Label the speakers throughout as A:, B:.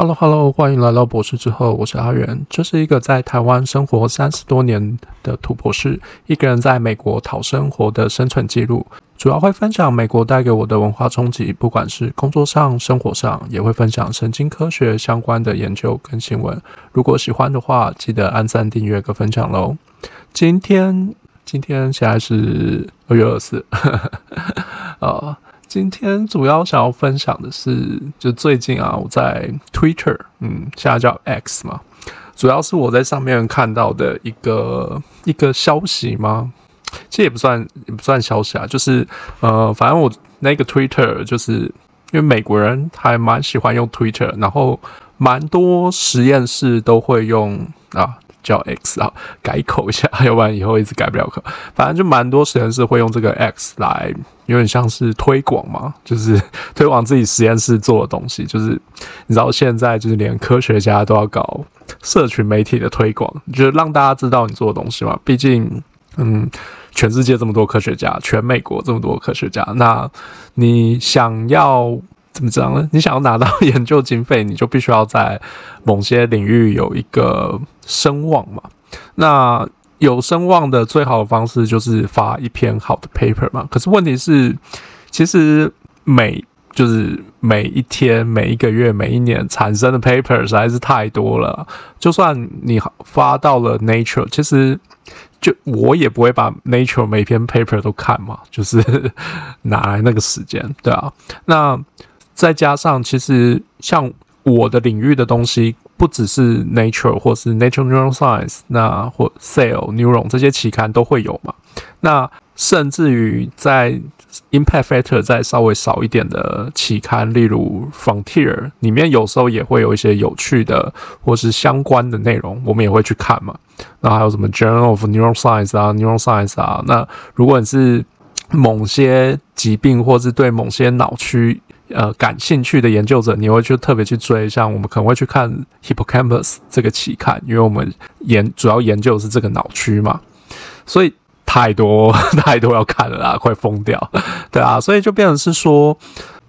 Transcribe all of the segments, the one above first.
A: Hello，Hello，hello, 歡迎來到博士之後，我是阿元，這是一個在台灣生活三十多年的土博士，一個人在美國討生活的生存記錄，主要會分享美國帶給我的文化衝擊，不管是工作上、生活上，也會分享神經科學相關的研究跟新聞。如果喜歡的話，記得按讚、訂閱和分享嘍。今天，今天現在是二月二十四，今天主要想要分享的是，就最近啊，我在 Twitter，嗯，現在叫 X 嘛，主要是我在上面看到的一個一個消息嘛，其實也不算也不算消息啊，就是呃，反正我那個 Twitter，就是因為美國人還蠻喜歡用 Twitter，然後蠻多實驗室都會用啊。叫 X 啊，改口一下，要不然以後一直改不了口。反正就蠻多實驗室會用這個 X 來，有點像是推廣嘛，就是推廣自己實驗室做的東西。就是你知道現在就是連科學家都要搞社群媒體的推廣，就是讓大家知道你做的東西嘛。畢竟，嗯，全世界這麼多科學家，全美國這麼多科學家，那你想要。怎麼講呢？你想要拿到研究經費，你就必須要在某些領域有一個聲望嘛。那有聲望的最好的方式就是發一篇好的 paper 嘛。可是問題是，其實每就是每一天、每一個月、每一年產生的 paper 實在是太多了。就算你發到了 Nature，其實就我也不會把 Nature 每篇 paper 都看嘛，就是 哪來那個時間，對啊，那。再加上，其實像我的領域的東西，不只是 Nature 或是 Nature Neuroscience 那或 Cell, Neuron 這些期刊都會有嘛。那甚至於在 Impact Factor 再稍微少一點的期刊，例如 Frontier 裡面，有時候也會有一些有趣的或是相關的內容，我們也會去看嘛。那還有什麼 Journal of Neuroscience 啊、Neuroscience 啊？那如果你是某些疾病或是對某些腦區，呃，感興趣的研究者，你會去特別去追，像我們可能會去看 Hippocampus 這個期刊，因為我們研主要研究的是這個腦區嘛，所以太多太多要看了啦，快瘋掉，對啊，所以就變成是說，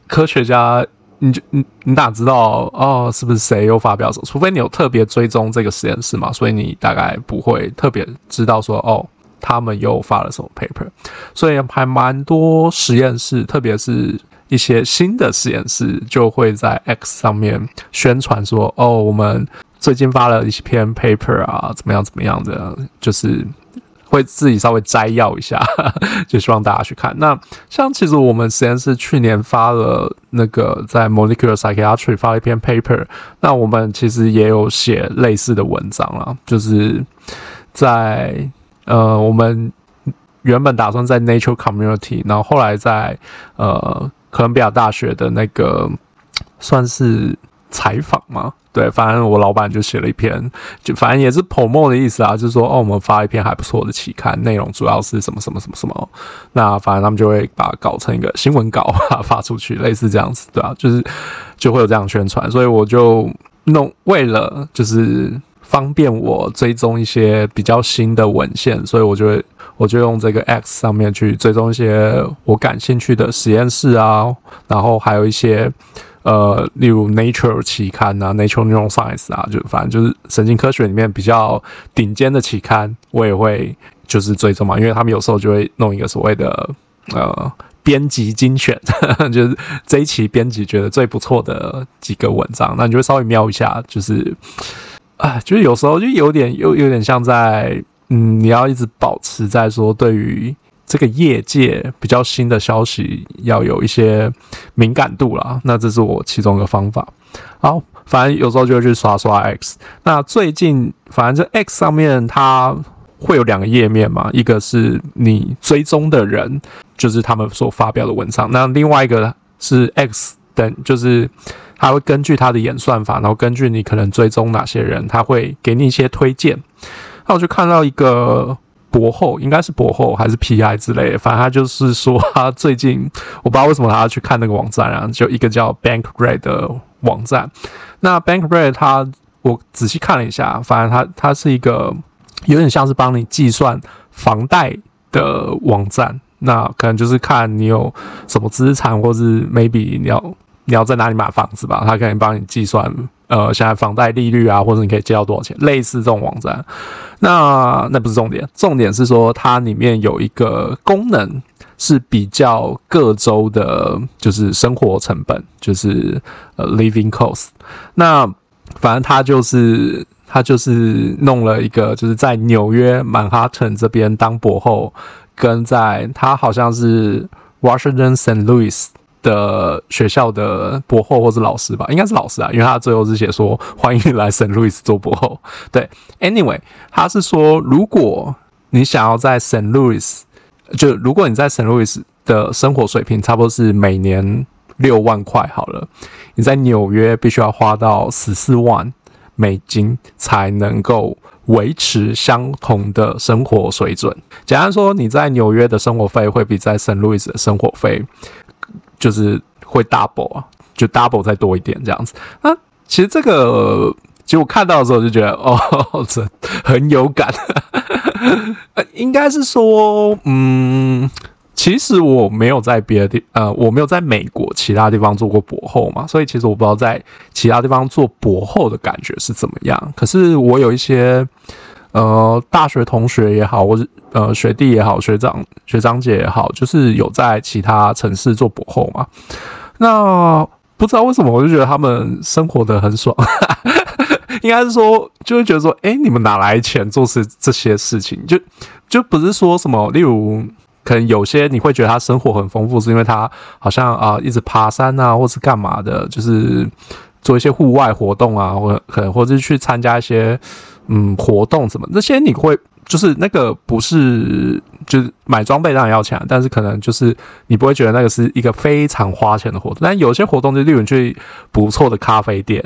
A: 科學家，你就你你哪知道哦，是不是誰又發表什麼？除非你有特別追蹤這個實驗室嘛，所以你大概不會特別知道說哦，他們又發了什麼 paper，所以還蠻多實驗室，特別是。一些新的實驗室就會在 X 上面宣傳說：“哦，我們最近發了一篇 paper 啊，怎麼樣怎麼樣的，就是會自己稍微摘要一下， 就希望大家去看。”那像其實我們實驗室去年發了那個在 Molecular Psychiatry 發了一篇 paper，那我們其實也有寫類似的文章啦，就是在呃，我們原本打算在 Nature Community，然後後來在呃。哥倫比亞大學的那個算是採訪嗎？對，反正我老闆就寫了一篇，就反正也是 promo 的意思啊，就是說哦，我們發一篇還不錯的期刊，內容主要是什麼什麼什麼什麼。那反正他們就會把它搞成一個新聞稿啊， 發出去，類似這樣子，對吧、啊？就是就會有這樣的宣傳，所以我就弄，為了就是。方便我追蹤一些比較新的文獻，所以我就會，我就用這個 X 上面去追蹤一些我感興趣的實驗室啊，然後還有一些呃，例如 Nature 期刊啊，Nature Neuroscience 啊，就反正就是神經科學裡面比較頂尖的期刊，我也會就是追蹤嘛，因為他們有時候就會弄一個所謂的呃編輯精選，就是這一期編輯覺得最不錯的幾個文章，那你就會稍微瞄一下，就是。啊，就是有時候就有點，又有，有點像在，嗯，你要一直保持在說對於這個業界比較新的消息要有一些敏感度啦。那這是我其中一個方法。好，反正有時候就會去刷刷 X。那最近反正這 X 上面它會有兩個頁面嘛，一個是你追蹤的人，就是他們所發表的文章；那另外一個呢是 X 等，就是。他會根據他的演算法，然後根據你可能追蹤哪些人，他會給你一些推薦。那我就看到一個博後，應該是博後還是 PI 之類的，反正他就是說他最近，我不知道為什麼他要去看那個網站啊，然後就一個叫 Bankrate 的網站。那 Bankrate 它、他我仔細看了一下，反正他他是一個有點像是幫你計算房貸的網站。那可能就是看你有什麼資產，或是 maybe 你要。你要在哪裡買房子吧？他可以幫你計算，呃，現在房貸利率啊，或者你可以借到多少錢，類似這種網站。那那不是重點，重點是說它裡面有一個功能是比較各州的，就是生活成本，就是呃 living cost。那反正他就是他就是弄了一個，就是在紐約曼哈頓這邊當博後，跟在他好像是 Washington Saint Louis。的學校的博後或是老師吧，應該是老師啊，因為他最後是寫說歡迎你來聖路易斯做博後。對，anyway，他是說，如果你想要在聖路易斯，就如果你在聖路易斯的生活水平差不多是每年六萬塊好了，你在紐約必須要花到十四萬美金才能夠維持相同的生活水準。假如說，你在紐約的生活費會比在聖路易斯的生活費。就是會 double 啊，就 double 再多一點這樣子。那、啊、其實這個，其實我看到的時候就覺得，哦，這很有感。 應該是說，嗯，其實我沒有在別的地，呃，我沒有在美國其他地方做過博後嘛，所以其實我不知道在其他地方做博後的感覺是怎麼樣。可是我有一些。呃，大學同學也好，或呃學弟也好，學長學長姐也好，就是有在其他城市做博後嘛。那不知道為什麼，我就覺得他們生活的很爽， 應該是說，就會覺得說，誒、欸、你們哪來錢做這這些事情？就就不是說什麼，例如可能有些你會覺得他生活很豐富，是因為他好像啊、呃、一直爬山啊，或是幹嘛的，就是做一些戶外活動啊，或可能或是去參加一些。嗯，活動什麼那些你會就是那個不是就是買裝備，當然要錢，但是可能就是你不會覺得那個是一個非常花錢的活動。但有些活動就例如去不錯的咖啡店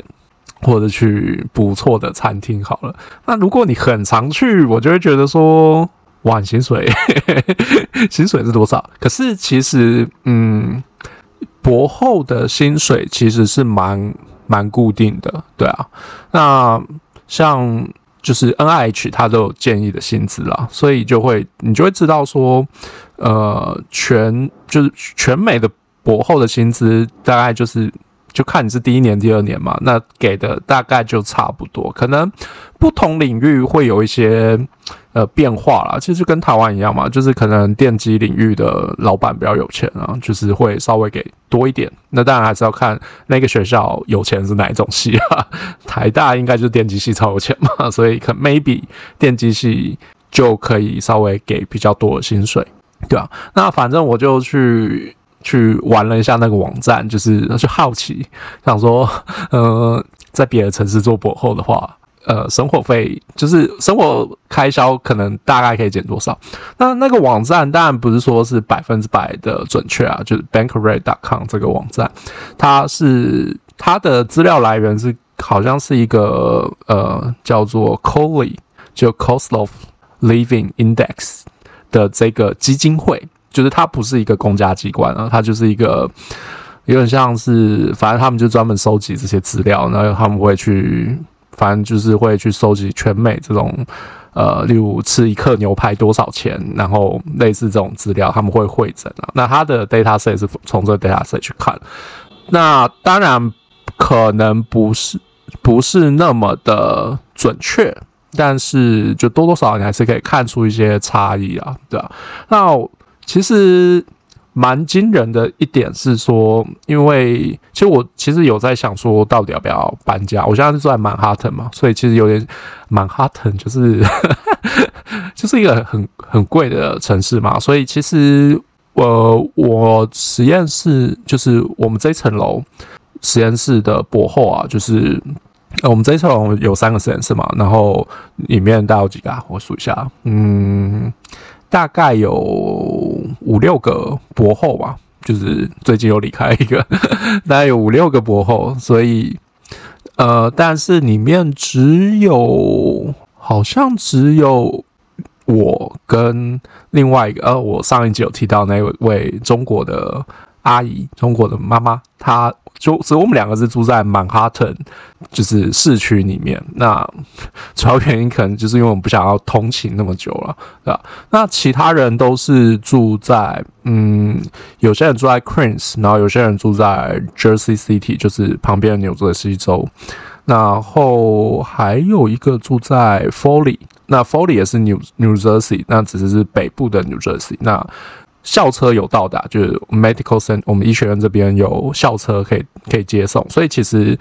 A: 或者去不錯的餐廳好了。那如果你很常去，我就會覺得說，哇，薪水 薪水是多少？可是其實嗯，博後的薪水其實是蠻蠻固定的，對啊。那像。就是 NIH，他都有建議的薪資啦，所以就會你就會知道說，呃，全就是全美的博後的薪資大概就是，就看你是第一年、第二年嘛，那給的大概就差不多，可能不同領域會有一些。呃，變化啦，其實就跟台灣一樣嘛，就是可能電機領域的老板比較有錢啊，就是會稍微給多一點。那當然還是要看那個學校有錢是哪一種系啊。台大應該就是電機系超有錢嘛，所以可 maybe 電機系就可以稍微給比較多的薪水，對啊。那反正我就去去玩了一下那個網站，就是就好奇想說，呃，在別的城市做博後的話。呃，生活費就是生活開銷，可能大概可以減多少？那那個網站當然不是說是百分之百的準確啊，就是 Bankrate.com 這個網站，它是它的資料來源是好像是一個呃叫做 Coley 就 Cost of Living Index 的這個基金會，就是它不是一個公家機關啊，它就是一個有點像是反正他們就專門收集這些資料，然後他們會去。反正就是會去收集全美這種，呃，例如吃一客牛排多少錢，然後類似這種資料，他們會匯整啊，那他的 data set 是從這 data set 去看，那當然可能不是不是那麼的準確，但是就多多少少你還是可以看出一些差異啊，對吧、啊？那其實。蠻驚人的一點是說，因為其實我其實有在想說，到底要不要搬家？我現在住在曼哈頓嘛，所以其實有點曼哈頓就是哈哈就是一個很很貴的城市嘛，所以其實呃，我實驗室就是我們這一層樓實驗室的博後啊，就是我們這一層樓、啊就是呃、有三個實驗室嘛，然後裡面大概有幾個啊，我數一下，嗯，大概有。五六個博後吧，就是最近又離開一個，大概有五六個博後，所以呃，但是裡面只有好像只有我跟另外一個，呃，我上一集有提到那位中國的阿姨，中國的媽媽，她就只有我們兩個是住在曼哈頓，就是市區裡面。那主要原因可能就是因為我們不想要通勤那麼久了，對吧？那其他人都是住在，嗯，有些人住在 Queens，然後有些人住在 Jersey City，就是旁邊的紐澤西州。然後還有一個住在 Foley，那 Foley 也是 New New Jersey，那只是是北部的 New Jersey。那。校車有到達，就是 Medical Center，我們醫學院這邊有校車可以可以接送，所以其實，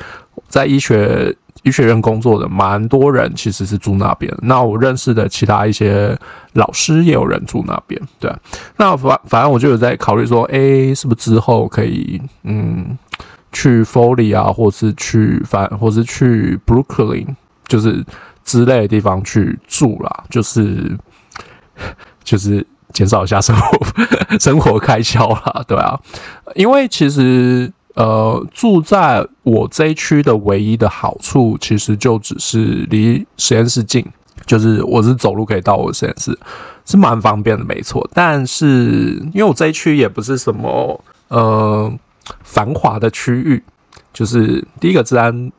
A: 在醫學醫學院工作的蠻多人其實是住那邊。那我認識的其他一些老師也有人住那邊，對。那反反正我就有在考慮說，哎、欸，是不是之後可以嗯去 Foley 啊，或是去反，或是去 Brooklyn、ok、就是之類的地方去住啦，就是就是。減少一下生活生活開銷啦，對啊，因為其實呃住在我這一區的唯一的好處，其實就只是離實驗室近，就是我是走路可以到我實驗室，是蠻方便的，沒錯。但是因為我這一區也不是什麼呃繁華的區域，就是第一個治安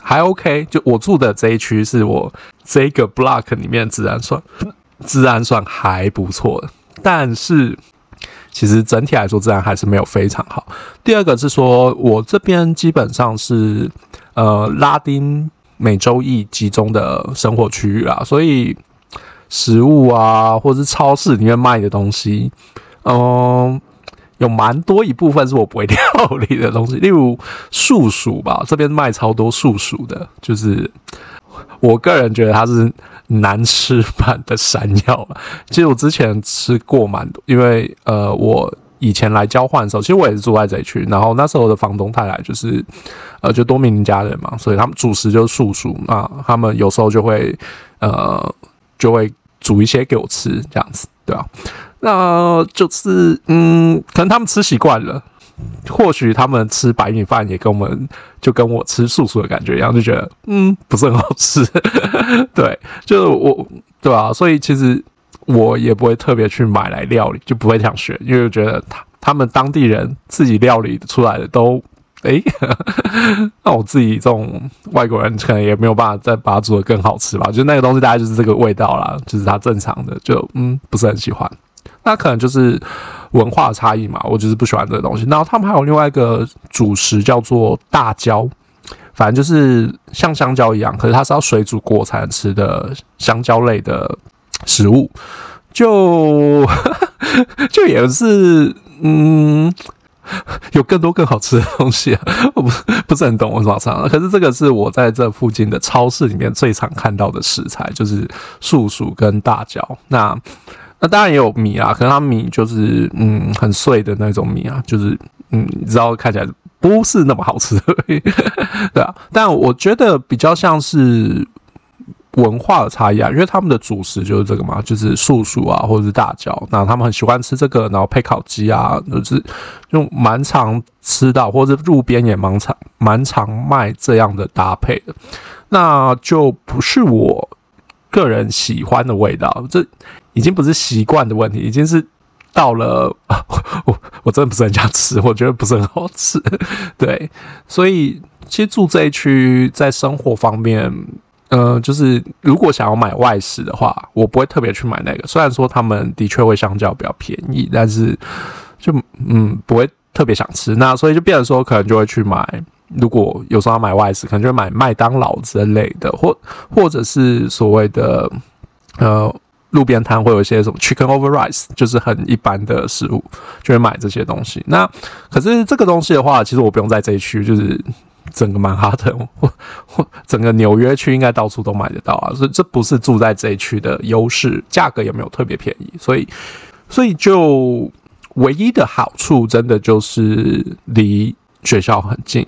A: 還 OK，就我住的這一區是我這個 block 裡面治安算治安算還不錯的。但是，其實整體來說，自然還是沒有非常好。第二個是說，我這邊基本上是呃拉丁美洲裔集中的生活區域啦，所以食物啊，或者是超市裡面賣的東西，嗯、呃，有蠻多一部分是我不會料理的東西，例如樹薯吧，這邊賣超多樹薯的，就是。我個人覺得它是難吃版的山藥。其實我之前吃過蠻多，因為呃，我以前來交換的時候，其實我也是住在這一區，然後那時候的房東太太就是呃，就多米尼加人嘛，所以他們主食就是樹薯啊，他們有時候就會呃，就會煮一些給我吃，這樣子，對吧、啊？那就是嗯，可能他們吃習慣了。或許他們吃白米飯也跟我們，就跟我吃素素的感覺一樣，就覺得嗯，不是很好吃。 對，就是我，對吧，啊？所以其實我也不會特別去買來料理，就不會想學，因為我覺得他他們當地人自己料理出來的都哎，欸， 那我自己這種外國人可能也沒有辦法再把它做得更好吃吧。就那個東西大概就是這個味道啦，就是它正常的，就嗯，不是很喜歡。那可能就是文化差異嘛，我就是不喜歡這個東西。然後他們還有另外一個主食叫做大蕉，反正就是像香蕉一樣，可是它是要水煮過才能吃的香蕉類的食物，就 就也是嗯，有更多更好吃的東西啊。我不是不是很懂我怎麼講，可是這個是我在這附近的超市裡面最常看到的食材，就是樹薯跟大蕉。那。那當然也有米啊，可是它米就是嗯，很碎的那種米啊，就是嗯，你知道看起來不是那麼好吃的， 對啊。但我覺得比較像是文化的差異啊，因為他們的主食就是這個嘛，就是樹薯啊或者是是大蕉，那他們很喜歡吃這個，然後配烤雞啊，就是就蠻常吃到或者路邊也蠻常蠻常賣這樣的搭配的，那就不是我個人喜歡的味道這。已經不是習慣的問題，已經是到了，啊，我我真的不是很想吃，我覺得不是很好吃。對，所以其實住這一區在生活方面，呃，就是如果想要買外食的話，我不會特別去買那個。雖然說他們的確會相較比較便宜，但是就嗯，不會特別想吃。那所以就變成說，可能就會去買。如果有時候要買外食，可能就會買麥當勞之類的，或或者是所謂的呃。路邊攤會有一些什麼 chicken over rice，就是很一般的食物，就會買這些東西。那可是這個東西的話，其實我不用在這一區，就是整個曼哈頓或或整個紐約區，應該到處都買得到啊。所以這不是住在這一區的優勢，價格也沒有特別便宜。所以所以就唯一的好處，真的就是離學校很近。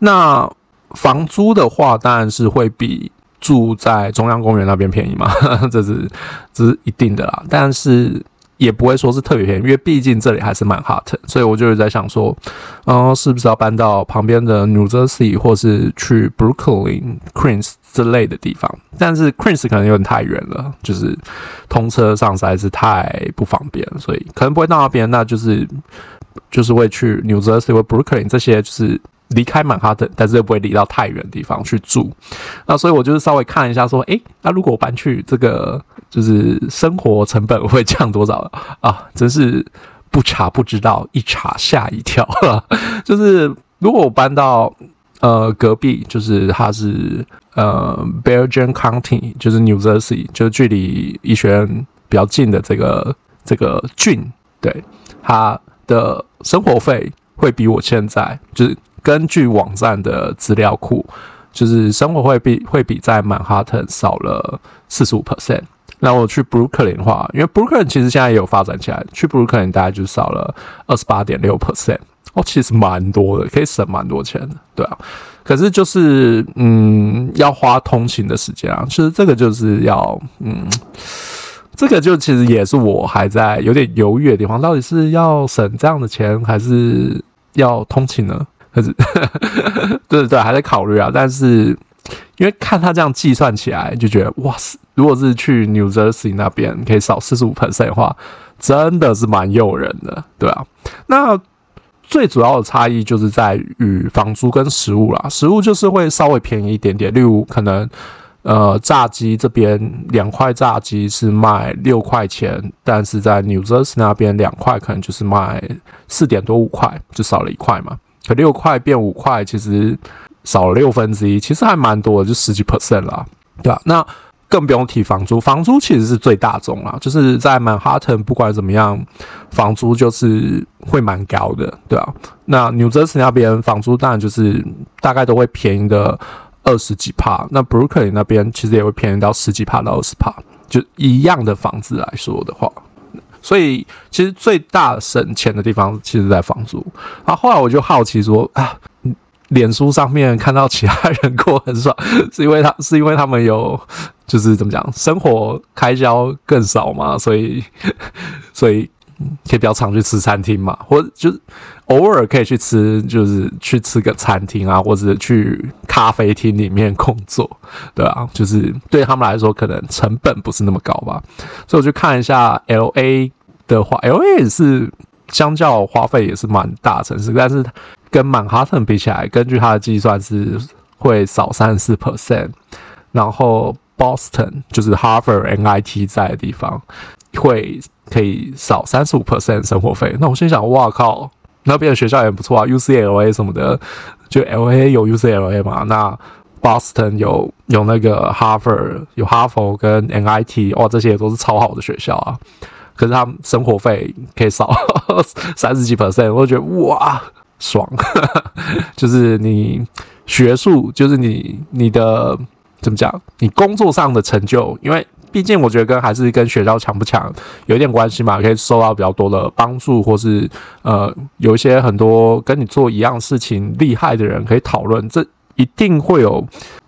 A: 那房租的話，當然是會比。住在中央公園那邊便宜嘛，哈，這是這是一定的啦，但是也不會說是特別便宜，因為畢竟這裡還是 Manhattan，所以我就是在想說，嗯、呃，是不是要搬到旁邊的 New Jersey 或是去 Brooklyn、ok、Queens 之類的地方？但是 Queens 可能有點太遠了，就是通車上實在是太不方便，所以可能不會到那邊。那就是就是會去 New Jersey 或 Brooklyn、ok、這些就是。離開曼哈頓，但是又不會離到太遠的地方去住。那所以我就是稍微看一下，說，哎、欸，那如果我搬去這個，就是生活成本會降多少啊？真是不查不知道，一查嚇一跳。 就是如果我搬到呃隔壁，就是它是呃 Bergen County，就是 New Jersey，就是距離醫學院比較近的這個這個郡，對，它的生活費會比我現在就是。根據網站的資料庫，就是生活費比會比在曼哈頓少了四十五 percent。然後我去布魯克林的話，因為布魯克林其實現在也有發展起來，去布魯克林大概就少了二十八點六 percent。哦，其實蠻多的，可以省蠻多錢的，對啊。可是就是，嗯，要花通勤的時間啊。其實這個就是要，嗯，這個就其實也是我還在有點猶豫的地方，到底是要省這樣的錢，還是要通勤呢？可但是， 對對對，還在考慮啊。但是，因為看他這樣計算起來，就覺得哇塞，如果是去 New Jersey 那邊可以少四十五 percent 的話，真的是蠻誘人的，對啊。那最主要的差異就是在於房租跟食物啦，食物就是會稍微便宜一點點，例如可能呃炸雞這邊兩塊炸雞是賣六塊錢，但是在 New Jersey 那邊兩塊可能就是賣四點多五塊，就少了一塊嘛。可六塊變五塊，其實少了六分之一，其實還蠻多的，就十幾 percent 啦，對吧、啊？那更不用提房租，房租其實是最大宗啦，就是在曼哈頓不管怎麼樣，房租就是會蠻高的，對啊，那紐澤西那邊房租當然就是大概都會便宜的二十幾帕，那布魯克林那邊其實也會便宜到十幾帕到二十帕，就一樣的房子來說的話。所以其實最大省錢的地方，其實，在房租。然後後來我就好奇說啊，臉書上面看到其他人過很爽，是因為他是因為他們有就是怎麼講，生活開銷更少嘛，所以所以可以比較常去吃餐廳嘛，或就是偶爾可以去吃，就是去吃個餐廳啊，或者去咖啡廳裡面工作，對啊，就是對他們來說，可能成本不是那麼高吧。所以我就看一下 LA。的話，L A 也是相較花費也是蠻大的城市，但是跟曼哈頓比起來，根據它的計算是會少三十四 percent，然後 Boston 就是 Harvard MIT 在的地方，會可以少三十五 percent 生活費。那我心想，哇靠，那邊的學校也很不錯啊，U C L A 什麼的，就 L A 有 U C L A 嘛，那 Boston 有有那個 Harvard 有哈佛跟 MIT，哇，這些也都是超好的學校啊。可是他們生活費可以少三十幾 percent，我覺得哇爽， 就是你學術，就是你你的怎麼講，你工作上的成就，因為畢竟我覺得跟還是跟學校強不強有一點關係嘛，可以受到比較多的幫助，或是呃有一些很多跟你做一樣事情厲害的人可以討論，這一定會有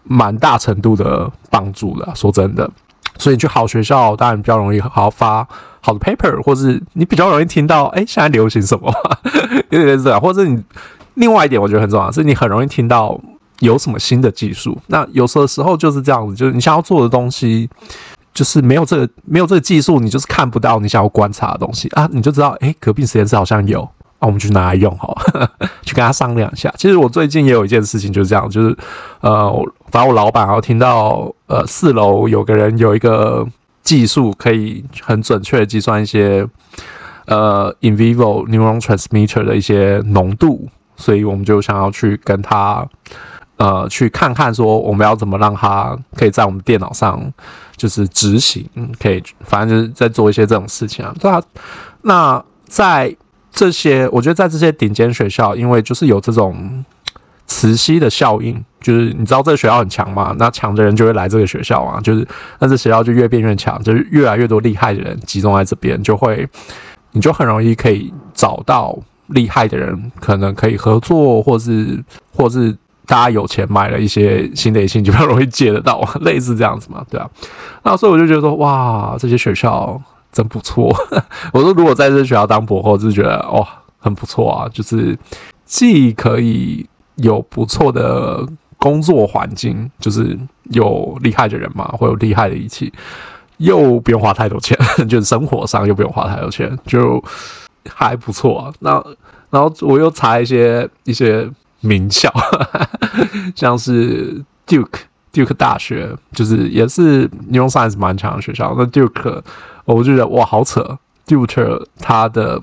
A: 蠻大程度的幫助的，說真的。所以你去好學校，當然比較容易好好發好的 paper，或是你比較容易聽到，哎，現在流行什麼？有點熱，或者你另外一點我覺得很重要，是你很容易聽到有什麼新的技術。那有時候的時候就是這樣子，就是你想要做的東西，就是沒有這個沒有這個技術，你就是看不到你想要觀察的東西啊，你就知道，哎，隔壁實驗室好像有。那、啊、我們去拿來用好了，去跟他商量一下。其實我最近也有一件事情，就是這樣，就是呃，反正我老闆啊聽到呃四樓有個人有一個技術，可以很準確的計算一些呃 in vivo neurotransmitter 的一些濃度，所以我們就想要去跟他呃去看看，說我們要怎麼讓他可以在我們電腦上就是執行，可以，反正就是在做一些這種事情啊。對啊，那在。這些我覺得在這些頂尖學校，因為就是有這種磁吸的效應，就是你知道這個學校很強嘛，那強的人就會來這個學校啊，就是那這學校就越變越強，就是越來越多厲害的人集中在這邊，就會你就很容易可以找到厲害的人，可能可以合作，或是或是大家有錢買了一些新的東西，就比較容易借得到，類似這樣子嘛，對吧、啊？那所以我就覺得說，哇，這些學校。真不錯， 我說如果在這學校當博後，就是覺得哇、哦、很不錯啊，就是既可以有不錯的工作環境，就是有厲害的人嘛，會有厲害的儀器，又不用花太多錢， 就是生活上又不用花太多錢，就還不錯啊。那然，然後我又查一些一些名校， 像是 Duke Duke 大學，就是也是 Neuroscience 蠻強的學校，那 Duke。我就覺得哇，好扯，Dude，他的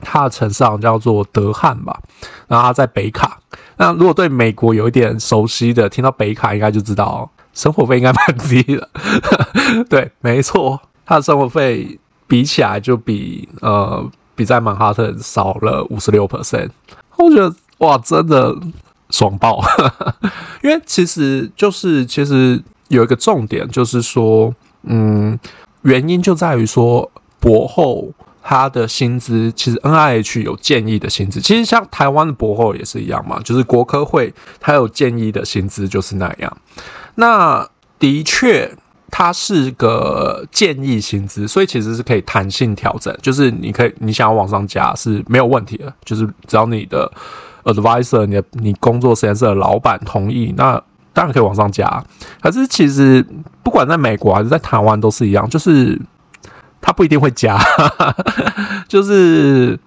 A: 他的城市好像叫做德漢吧，然後他在北卡。那如果對美國有一點熟悉的，聽到北卡應該就知道，生活費應該蠻低的。 對，沒錯，他的生活費比起來就比呃比在曼哈頓少了五十六 percent。我覺得哇，真的爽爆！ 因為其實就是其實有一個重點，就是說，嗯。原因就在於說，博後他的薪資其實 NIH 有建議的薪資，其實像台灣的博後也是一樣嘛，就是國科會他有建議的薪資就是那樣。那的確，他是個建議薪資，所以其實是可以彈性調整，就是你可以你想要往上加是沒有問題的，就是只要你的 advisor、你的你工作實驗室的老闆同意那。當然可以往上加，可是其實不管在美國還是在台灣都是一樣，就是他不一定會加， 就是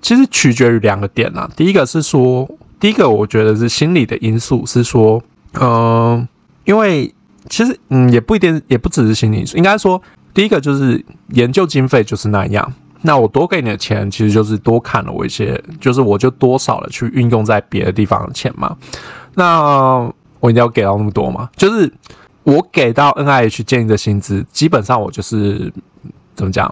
A: 其實取決於兩個點啦、啊、第一個是說，第一個我覺得是心理的因素，是說，嗯、呃，因為其實嗯也不一定，也不只是心理因素，應該說第一個就是研究經費就是那樣。那我多給你的錢，其實就是多砍了我一些，就是我就多少了去運用在別的地方的錢嘛。那我一定要給到那麼多嗎？就是我給到 N I H 建議的薪資，基本上我就是怎麼講，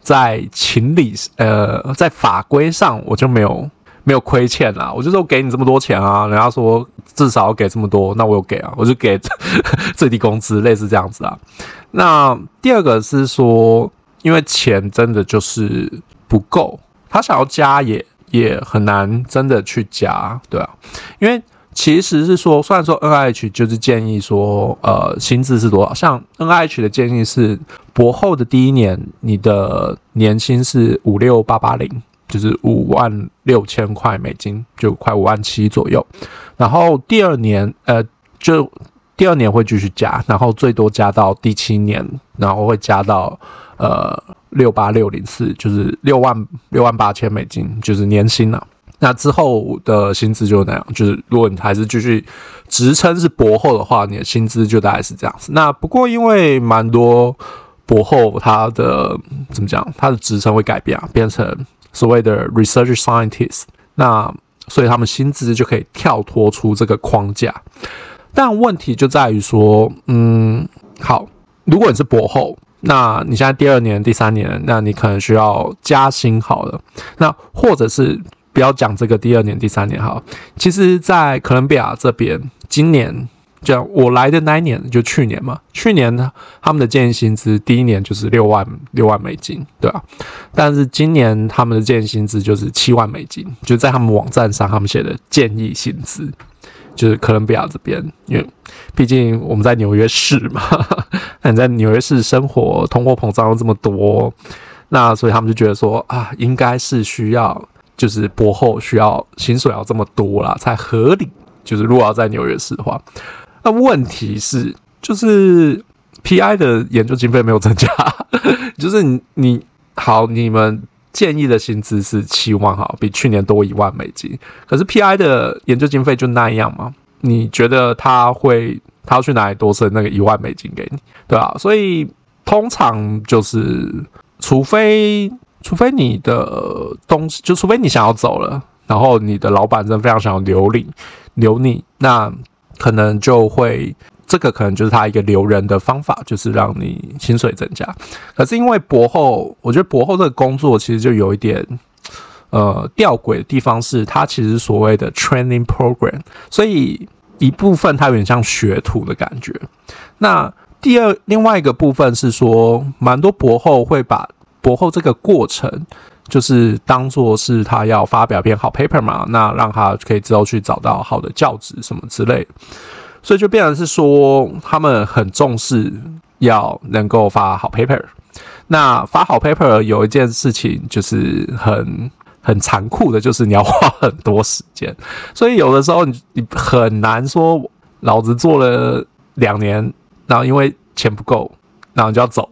A: 在情理呃，在法規上我就沒有沒有虧欠啦、啊、我就說我給你這麼多錢啊，人家說至少要給這麼多，那我有給啊，我就給 最低工資，類似這樣子啊。那第二個是說，因為錢真的就是不夠，他想要加也也很難，真的去加，對啊，因為。其實是說，雖然說 NIH 就是建議說，呃，薪資是多少？像 NIH 的建議是，博後的第一年你的年薪是五六八八零，就是五萬六千塊美金，就快五萬七左右。然後第二年，呃，就第二年會繼續加，然後最多加到第七年，然後會加到呃六八六零四，就是六萬六萬八千美金，就是年薪了、啊。那之後的薪資就那樣，就是如果你還是繼續職稱是博後的話，你的薪資就大概是這樣子。那不過因為蠻多博後他的怎麼講，他的職稱會改變啊，變成所謂的 research scientist。那所以他們薪資就可以跳脫出這個框架。但問題就在於說，嗯，好，如果你是博後，那你現在第二年、第三年，那你可能需要加薪好了。那或者是。不要講這個第二年、第三年哈。其實，在哥倫比亞這邊，今年，就我來的那一年，就去年嘛。去年他們的建議薪資第一年就是六萬六萬美金，對吧、啊？但是今年他們的建議薪資就是七萬美金，就在他們網站上，他們寫的建議薪資，就是哥倫比亞這邊，因為畢竟我們在紐約市嘛。那你在紐約市生活，通貨膨脹這麼多，那所以他們就覺得說啊，應該是需要。就是博後需要薪水要這麼多啦，才合理。就是如果要在紐約市的話，那問題是就是 PI 的研究經費沒有增加，就是你你好，你們建議的薪資是七萬哈，比去年多一萬美金。可是 PI 的研究經費就那樣嘛。你覺得他會他要去哪裡多分那個一萬美金給你？對吧、啊？所以通常就是，除非。除非你的東西，就除非你想要走了，然後你的老闆真的非常想要留你，留你，那可能就會，這個可能就是他一個留人的方法，就是讓你薪水增加。可是因為博後，我覺得博後這個工作其實就有一點，呃，吊詭的地方是，它其實所謂的 training program，所以一部分它有點像學徒的感覺。那第二，另外一個部分是說，蠻多博後會把。博後這個過程，就是當做是他要發表一篇好 paper 嘛，那讓他可以之後去找到好的教職什麼之類，所以就變成是說他們很重視要能夠發好 paper。那發好 paper 有一件事情就是很很殘酷的，就是你要花很多時間，所以有的時候你你很難說老子做了兩年，然後因為錢不夠，然後你就要走，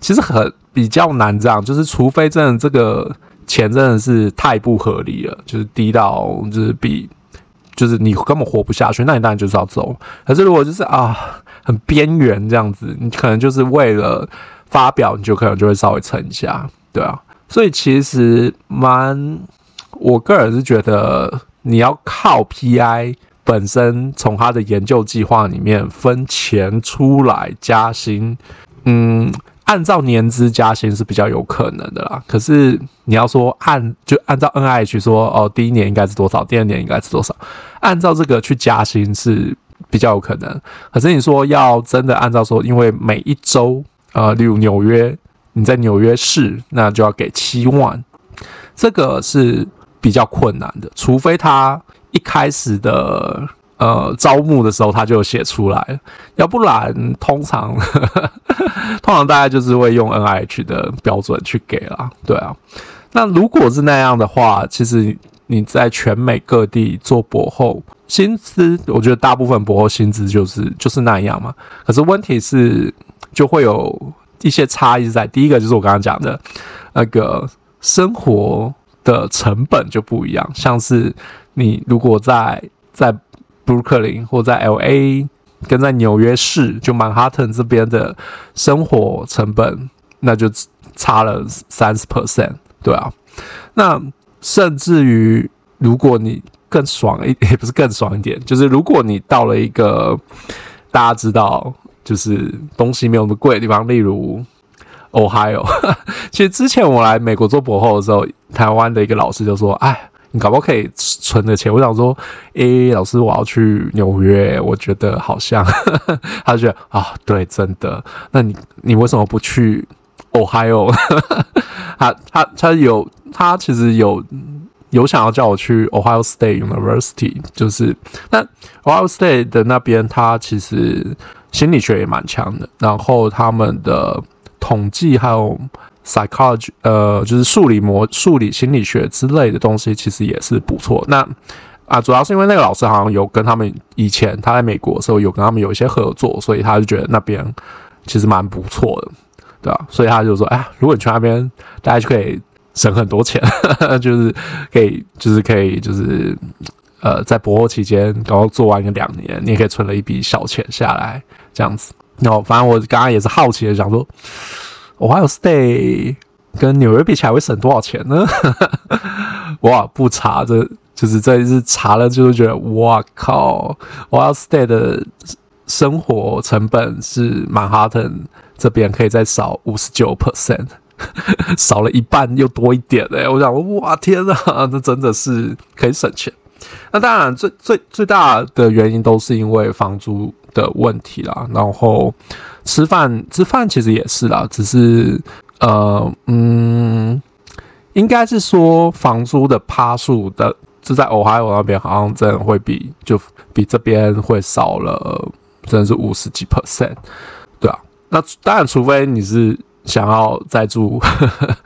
A: 其實很。比較難這樣，就是，除非真的這個錢真的是太不合理了，就是低到就是比就是你根本活不下去，那你當然就是要走。可是如果就是啊，很邊緣這樣子，你可能就是為了發表，你就可能就會稍微撐一下，對啊。所以其實蠻，我個人是覺得你要靠 PI 本身從他的研究計劃裡面分錢出來加薪，嗯。按照年資加薪是比較有可能的啦，可是你要說按就按照 NIH 說哦，第一年應該是多少，第二年應該是多少，按照這個去加薪是比較有可能。可是你說要真的按照說，因為每一州，呃，例如紐約，你在紐約市，那就要給七萬，這個是比較困難的，除非他一開始的。呃，招募的時候他就寫出來，要不然通常呵呵通常大家就是會用 NIH 的標準去給啦，對啊。那如果是那樣的話，其實你在全美各地做博後薪資，我覺得大部分博後薪資就是就是那樣嘛。可是問題是就會有一些差異在，第一個就是我剛剛講的，那個生活的成本就不一樣，像是你如果在在。布魯克林或在 LA，跟在紐約市，就曼哈頓這邊的生活成本，那就差了三十 percent，對啊。那甚至於，如果你更爽一也不是更爽一點，就是如果你到了一個大家知道就是東西沒有那麼貴的地方，例如 Ohio。其實之前我來美國做博後的時候，台灣的一個老師就說：“哎。”你搞不好可以存着錢？我想說，哎、欸，老師，我要去紐約，我覺得好像呵呵，他就覺得啊、哦，對，真的。那你你為什麼不去 Ohio？他他他有他其實有有想要叫我去 Ohio State University，就是那 Ohio State 的那邊，他其實心理學也蠻強的，然後他們的統計還有 psychology，呃，就是數理模、數理心理學之類的東西，其實也是不錯。那啊，主要是因為那個老師好像有跟他們以前他在美國的時候有跟他們有一些合作，所以他就覺得那邊其實蠻不錯的，對吧？所以他就是說，哎，如果你去那邊，大家就可以省很多錢， 就是可以，就是可以，就是呃，在博後期間，然後做完個兩年，你也可以存了一筆小錢下來，這樣子。然後，反正我剛剛也是好奇的，想說。我 Ohio State 跟紐約比起來會省多少錢呢？ 哇，不查這就是這一次查了，就是覺得哇靠，Ohio State 的生活成本是曼哈頓這邊可以再少五十九 percent，少了一半又多一點誒、欸、我想哇天吶、啊，這真的是可以省錢。那當然，最最最大的原因都是因為房租的問題啦。然後吃飯，吃飯其實也是啦，只是呃嗯，應該是說房租的趴數的，就在 Ohio 那邊好像真的會比就比這邊會少了真的，真的是五十幾 percent，對啊。那當然，除非你是。想要再住，呵呵，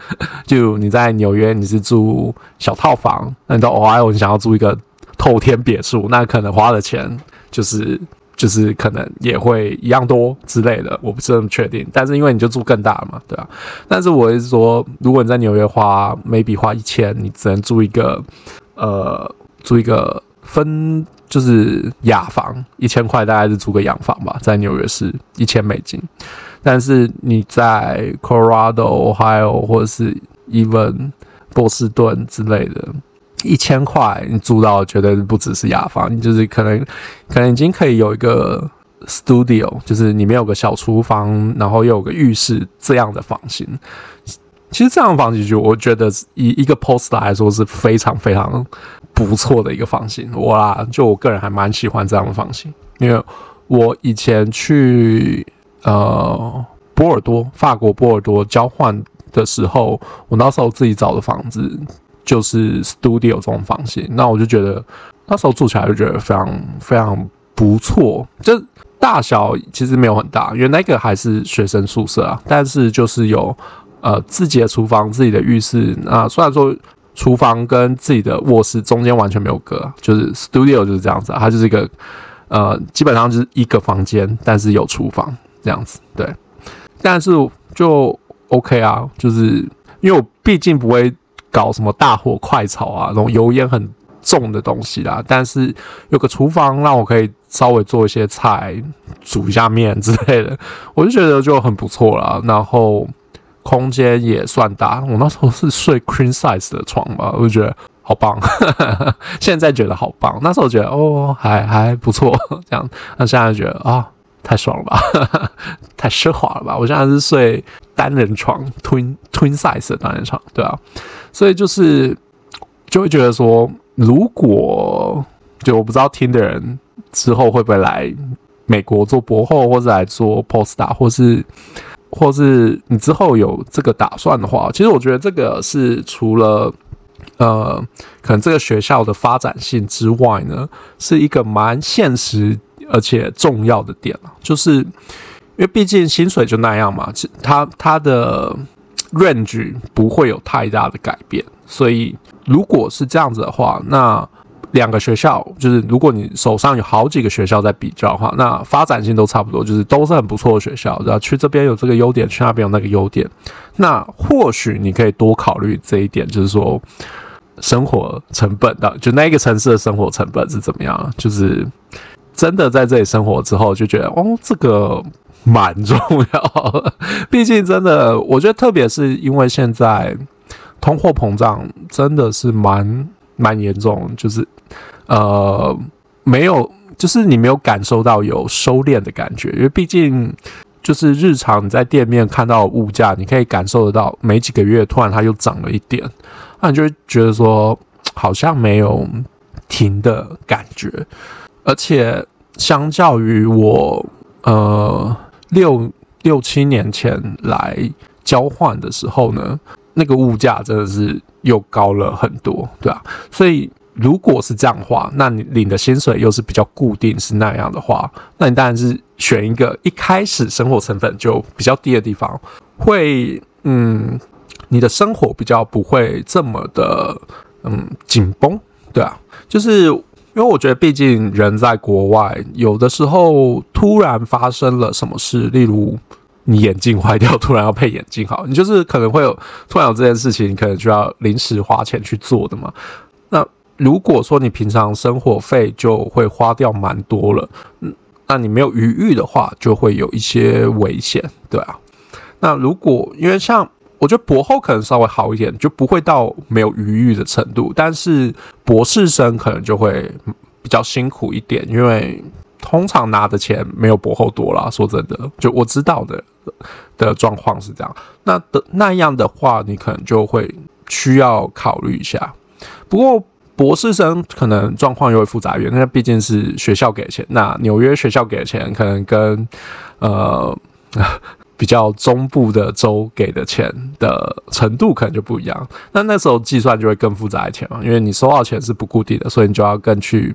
A: 就你在紐約你是住小套房，那你到國我你想要住一個透天別墅，那可能花的錢就是就是可能也會一樣多之類的，我不是那麼確定。但是因為你就住更大嘛，對吧、啊？但是我也是說，如果你在紐約花，maybe 花一千，你只能住一個，呃，住一個分就是雅房，一千塊大概是租個洋房吧，在紐約是一千美金。但是你在 Colorado、Ohio，或者是 even 波士頓之類的，一千塊你租到的絕對不只是雅房，就是可能可能已經可以有一個 studio，就是裡面有個小廚房，然後又有個浴室這樣的房型。其實這樣的房型，就我覺得以一個 postdoc 來來說是非常非常不錯的一個房型。我啦，就我個人還蠻喜歡這樣的房型，因為我以前去。呃，波爾多，法國波爾多交換的時候，我那時候自己找的房子就是 studio 這種房型，那我就覺得那時候住起來就覺得非常非常不錯，就大小其實沒有很大，因為那個還是學生宿舍啊，但是就是有呃自己的廚房、自己的浴室。那雖然說廚房跟自己的臥室中間完全沒有隔，就是 studio 就是這樣子啊，它就是一個呃基本上就是一個房間，但是有廚房。這樣子對，但是就 OK 啊，就是因為我畢竟不會搞什麼大火快炒啊，那種油煙很重的東西啦。但是有個廚房讓我可以稍微做一些菜，煮一下麵之類的，我就覺得就很不錯啦。然後空間也算大，我那時候是睡 queen size 的床嘛，我就覺得好棒，哈哈哈。現在覺得好棒。那時候覺得哦，還還不錯這樣，那現在就覺得啊。太爽了吧，哈哈，太奢華了吧！我現在是睡單人床，twin twin size 的單人床，對吧、啊？所以就是就會覺得說，如果就我不知道聽的人之後會不會來美國做博後，或者來做 postdoc 或是或是你之後有這個打算的話，其實我覺得這個是除了呃，可能這個學校的發展性之外呢，是一個蠻現實。而且重要的點了，就是因為畢竟薪水就那樣嘛，它、他的 range 不會有太大的改變。所以如果是這樣子的話，那兩個學校就是如果你手上有好幾個學校在比較的話，那發展性都差不多，就是都是很不錯的學校。然後去這邊有這個優點，去那邊有那個優點，那或許你可以多考慮這一點，就是說生活成本的、啊，就那個城市的生活成本是怎麼樣，就是。真的在這裡生活之後，就覺得哦，這個蠻重要。畢 竟，真的，我覺得，特別是因為現在通貨膨脹真的是蠻蠻嚴重，就是呃，沒有，就是你沒有感受到有收斂的感覺。因為畢竟，就是日常你在店面看到物價，你可以感受得到，每幾個月突然它又漲了一點，啊，那你就會覺得說好像沒有停的感覺。而且，相較於我，呃，六六七年前來交換的時候呢，那個物價真的是又高了很多，對啊，所以，如果是這樣的話，那你領的薪水又是比較固定，是那樣的話，那你當然是選一個一開始生活成本就比較低的地方，會，嗯，你的生活比較不會這麼的，嗯，緊繃，對啊，就是。因為我覺得，畢竟人在國外，有的時候突然發生了什麼事，例如你眼鏡壞掉，突然要配眼鏡，好，你就是可能會有突然有這件事情，你可能就要臨時花錢去做的嘛。那如果說你平常生活費就會花掉蠻多了，嗯，那你沒有餘裕的話，就會有一些危險，對啊，那如果因為像。我覺得博後可能稍微好一點，就不會到沒有餘裕的程度，但是博士生可能就會比較辛苦一點，因為通常拿的錢沒有博後多啦。說真的，就我知道的的狀況是這樣。那的那樣的話，你可能就會需要考慮一下。不過博士生可能狀況又會複雜一點，因為畢竟是學校給錢，那紐約學校給錢可能跟呃。 比較中部的州給的錢的程度可能就不一樣，那那時候計算就會更複雜一點嘛，因為你收到錢是不固定的，所以你就要更去，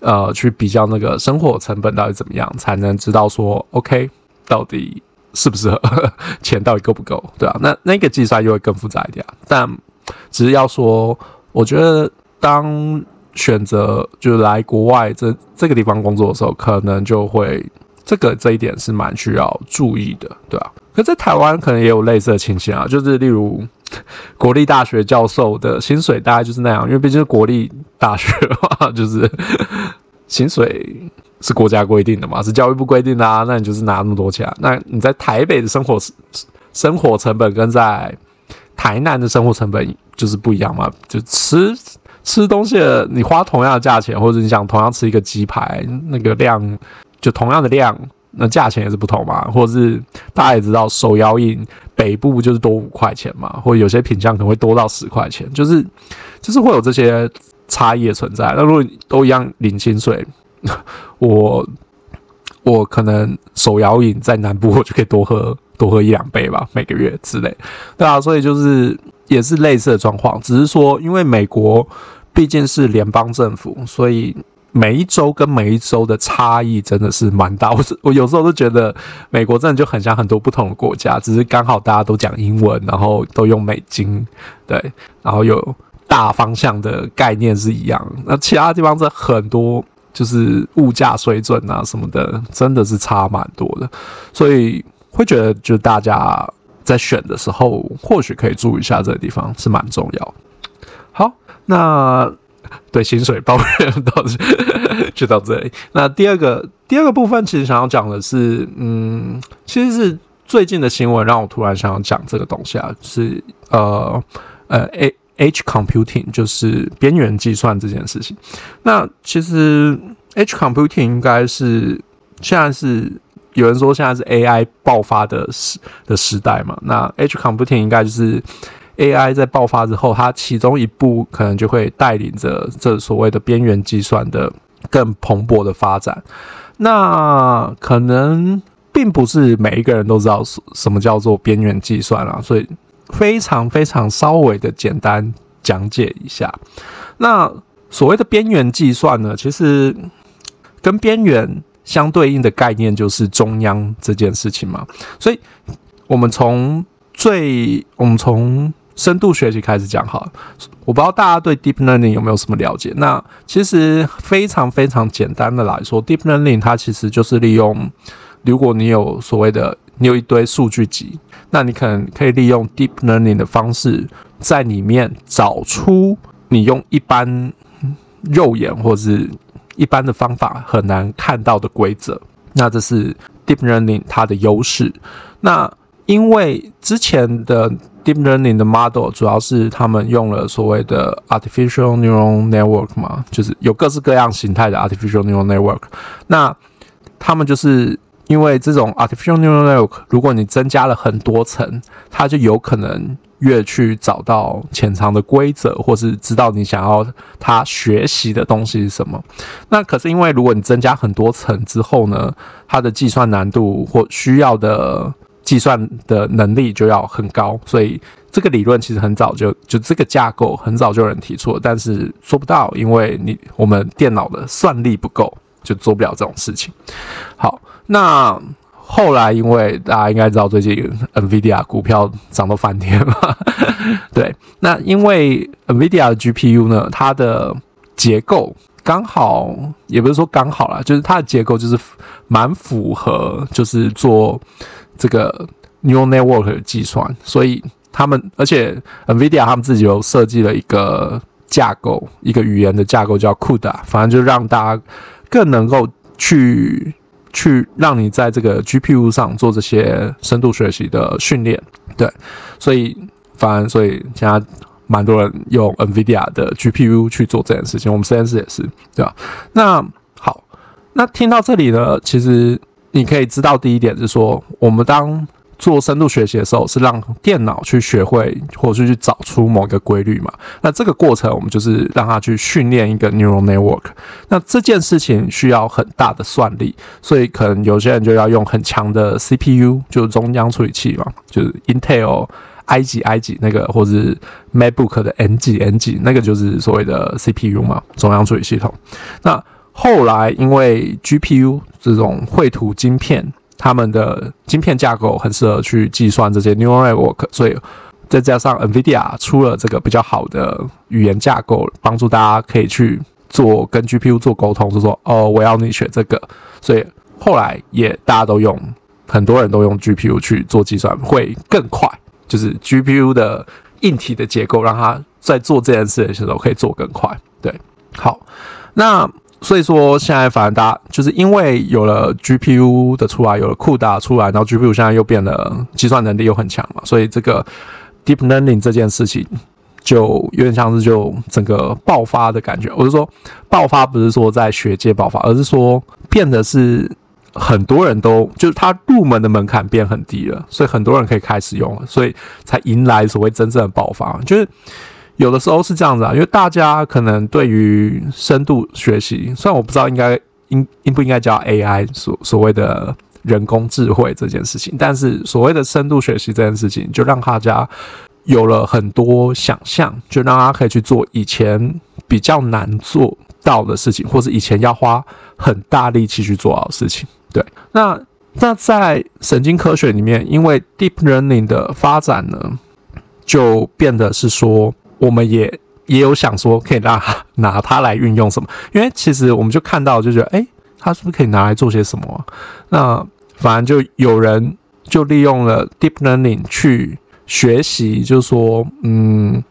A: 呃，去比較那個生活成本到底怎麼樣，才能知道說，OK，到底適不適合，呵呵，錢到底夠不夠，對啊，那那個計算又會更複雜一點。但只是要說，我覺得當選擇就是來國外這這個地方工作的時候，可能就會。這個這一點是蠻需要注意的，對吧、啊？可在台灣可能也有類似的情形啊，就是例如國立大學教授的薪水大概就是那樣，因為畢竟是國立大學的話就是薪水是國家規定的嘛，是教育部規定的啊，那你就是拿那麼多錢。那你在台北的生活生活成本跟在台南的生活成本就是不一樣嘛，就吃吃東西的，你花同樣的價錢，或者你想同樣吃一個雞排，那個量。就同樣的量，那價錢也是不同嘛，或者是大家也知道，手搖飲北部就是多五塊錢嘛，或者有些品相可能會多到十塊錢，就是就是會有這些差異的存在。那如果都一樣領薪水，我我可能手搖飲在南部我就可以多喝多喝一兩杯吧，每個月之類，對啊，所以就是也是類似的狀況，只是說因為美國畢竟是聯邦政府，所以。每一週跟每一週的差異真的是蠻大，我是我有時候都覺得美國真的就很像很多不同的國家，只是剛好大家都講英文，然後都用美金，對，然後有大方向的概念是一樣，那其他地方的很多就是物價水準啊什麼的，真的是差蠻多的，所以會覺得就大家在選的時候，或許可以注意一下這個地方是蠻重要。好，那。 對薪水包人到這就到這裡。那第二個第二個部分，其實想要講的是，嗯，其實是最近的新聞讓我突然想要講這個東西啊，就是呃呃，Edge computing 就是邊緣計算這件事情。那其實 Edge computing 應該是現在是有人說現在是 AI 爆發的時的時代嘛？那 Edge computing 應該就是。AI 在爆發之後，它其中一步可能就會帶領着這所謂的邊緣計算的更蓬勃的發展。那可能並不是每一個人都知道什麼叫做邊緣計算啊，所以非常非常稍微的簡單講解一下。那所謂的邊緣計算呢，其實跟邊緣相對應的概念就是中央這件事情嘛。所以我們從最，我們從最，我們從深度學習開始講好了，我不知道大家對 deep learning 有沒有什麼了解？那其實非常非常簡單的來說，deep learning 它其實就是利用，如果你有所謂的，你有一堆數據集，那你可能可以利用 deep learning 的方式，在裡面找出你用一般肉眼或是一般的方法很難看到的規則。那這是 deep learning 它的優勢。那因為之前的 deep learning 的 model 主要是他們用了所謂的 artificial neural network 嘛，就是有各式各樣形態的 artificial neural network，那他們就是因為這種 artificial neural network，如果你增加了很多層，它就有可能越去找到潛藏的規則，或是知道你想要它學習的東西是什麼。那可是因為如果你增加很多層之後呢，它的計算難度或需要的計算的能力就要很高，所以這個理論其實很早就就這個架構很早就有人提出了，但是做不到，因為你我們電腦的算力不夠，就做不了這種事情。好，那後來因為大家應該知道，最近 NVIDIA 股票漲到翻天了， 對，那因為 NVIDIA 的 GPU 呢，它的結構剛好也不是說剛好啦，就是它的結構就是蠻符合，就是做。這個 neural network 的計算，所以他們，而且 Nvidia 他們自己有設計了一個架構，一個語言的架構叫 CUDA，反正就讓大家更能夠去去讓你在這個 GPU 上做這些深度學習的訓練，對，所以反正所以現在蠻多人用 Nvidia 的 GPU 去做這件事情，我們實驗室也是，對吧？那好，那聽到這裡呢，其實。你可以知道第一點是說，我們當做深度學習的時候，是讓電腦去學會，或者是去找出某一個規律嘛。那這個過程，我們就是讓它去訓練一個 neural network。那這件事情需要很大的算力，所以可能有些人就要用很強的 CPU，就是中央處理器嘛，就是 Intel i 幾 i 幾那個，或是 MacBook 的 M 幾 M 幾那個，就是所謂的 CPU 嘛，中央處理系統。那後來因為 G P U 這種繪圖晶片，他們的晶片架構很適合去計算這些 Neural Network，所以再加上 NVIDIA 出了這個比較好的語言架構，幫助大家可以去做跟 G P U 做溝通，就說哦，我要你選這個，所以後來也大家都用，很多人都用 G P U 去做計算會更快，就是 G P U 的硬體的結構讓它在做這件事的時候可以做更快。對，好，那。所以說，現在反而大家，就是因為有了 GPU 的出來，有了 CUDA 出來，然後 GPU 現在又變得計算能力又很強嘛，所以這個 deep learning 這件事情就有點像是就整個爆發的感覺。我是說，爆發不是說在學界爆發，而是說變得是很多人都就是他入門的門檻變很低了，所以很多人可以開始用了，所以才迎來所謂真正的爆發，就是。有的時候是這樣子啊，因為大家可能對於深度學習，雖然我不知道應該應應不應該叫 AI 所所謂的人工智慧這件事情，但是所謂的深度學習這件事情，就讓大家有了很多想象，就讓他可以去做以前比較難做到的事情，或者以前要花很大力氣去做好的事情。對，那那在神經科學裡面，因為 deep learning 的發展呢，就變得是說。我們也也有想說，可以拿拿它來運用什麼？因為其實我們就看到，就覺得，哎，它是不是可以拿來做些什麼啊？那反正就有人就利用了 deep learning 去學習，就是說，嗯，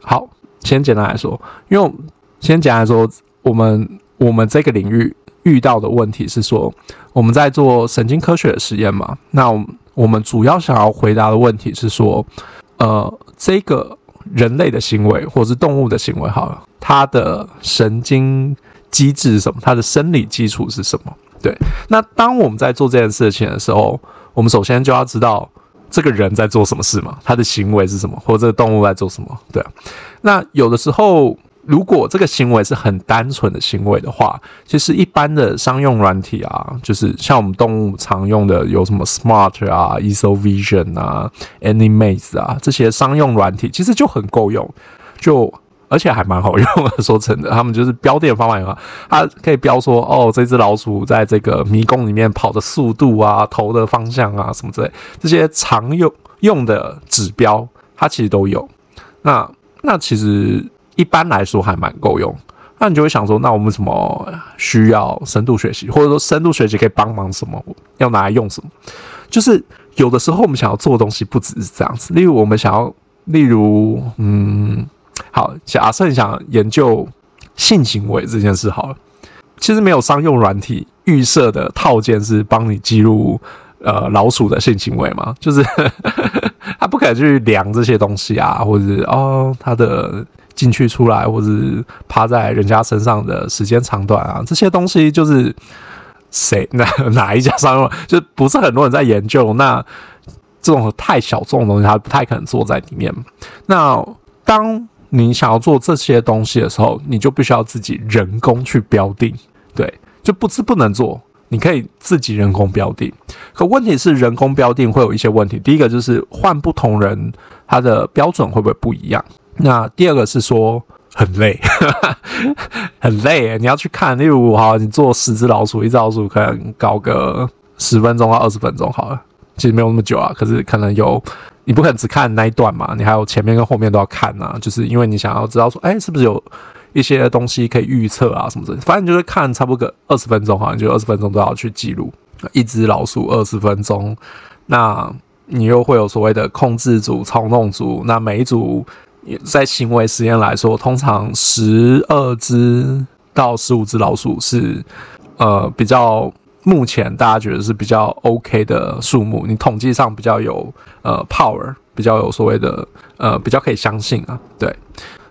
A: 好，先簡單來說，因為先簡單來說，我們我們這個領域遇到的問題是說，我們在做神經科學的實驗嘛，那我們主要想要回答的問題是說，呃，這個。人類的行為，或者是動物的行為，好了，它的神經機制是什麼？它的生理基礎是什麼？對，那當我們在做這件事情的時候，我們首先就要知道這個人在做什麼事嘛，他的行為是什麼，或者這個動物在做什麼？對啊，那有的時候。如果這個行為是很單純的行為的話，其實一般的商用軟體啊，就是像我們動物常用的，有什麼 Smart 啊、EthoVision 啊、AnyMaze 啊這些商用軟體，其實就很夠用，就而且還蠻好用的。說真的，他們就是標點方法嘛，它可以標說哦，這隻老鼠在這個迷宮裡面跑的速度啊、頭的方向啊什麼之類，這些常用用的指標，它其實都有。那那其實。一般來說還蠻夠用，那你就會想說，那我們什麼需要深度學習，或者說深度學習可以幫忙什麼？要拿來用什麼？就是有的時候我們想要做的東西不只是這樣子。例如我們想要，例如，嗯，好，假設你想研究性行為這件事好了，其實沒有商用軟體預設的套件是幫你記錄呃老鼠的性行為嘛？就是 他不敢去量這些東西啊，或者是哦他的。進去、出來，或是趴在人家身上的時間長短啊，這些東西就是誰哪哪一家商用，就不是很多人在研究。那這種太小眾的東西，他不太可能做在裡面。那當你想要做這些東西的時候，你就必須要自己人工去標定，對，就不是不能做，你可以自己人工標定。可問題是，人工標定會有一些問題。第一個就是換不同人，他的標準會不會不一樣？那第二個是說很累， 很累。你要去看，例如哈，你做十隻老鼠，一隻老鼠可能搞個十分鐘到二十分鐘好了，其實沒有那麼久啊。可是可能有，你不可能只看那一段嘛？你還有前面跟後面都要看啊。就是因為你想要知道說，誒、欸、是不是有一些東西可以預測啊什麼之類的？反正你就是看差不多個二十分鐘，好像就二十分鐘都要去記錄一隻老鼠二十分鐘。那你又會有所謂的控制組、操縱組，那每一組。在行為實驗來說，通常十二隻到十五隻老鼠是，呃，比較目前大家覺得是比較 OK 的數目。你統計上比較有呃 power，比較有所謂的呃比較可以相信啊。對，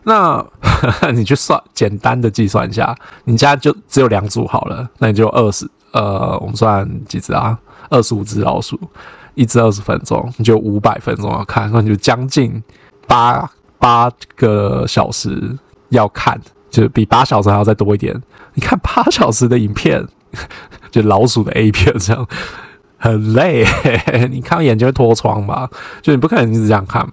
A: 那呵呵你去算簡單的計算一下，你家就只有兩組好了，那你就二十呃，我們算幾隻啊？二十五隻老鼠，一隻二十分鐘，你就五百分鐘要看，那你就將近八。八個小時要看，就比八小時還要再多一點。你看八小時的影片，就老鼠的 A 片這樣，很累，你看眼睛會脫窗吧？就你不可能一直這樣看。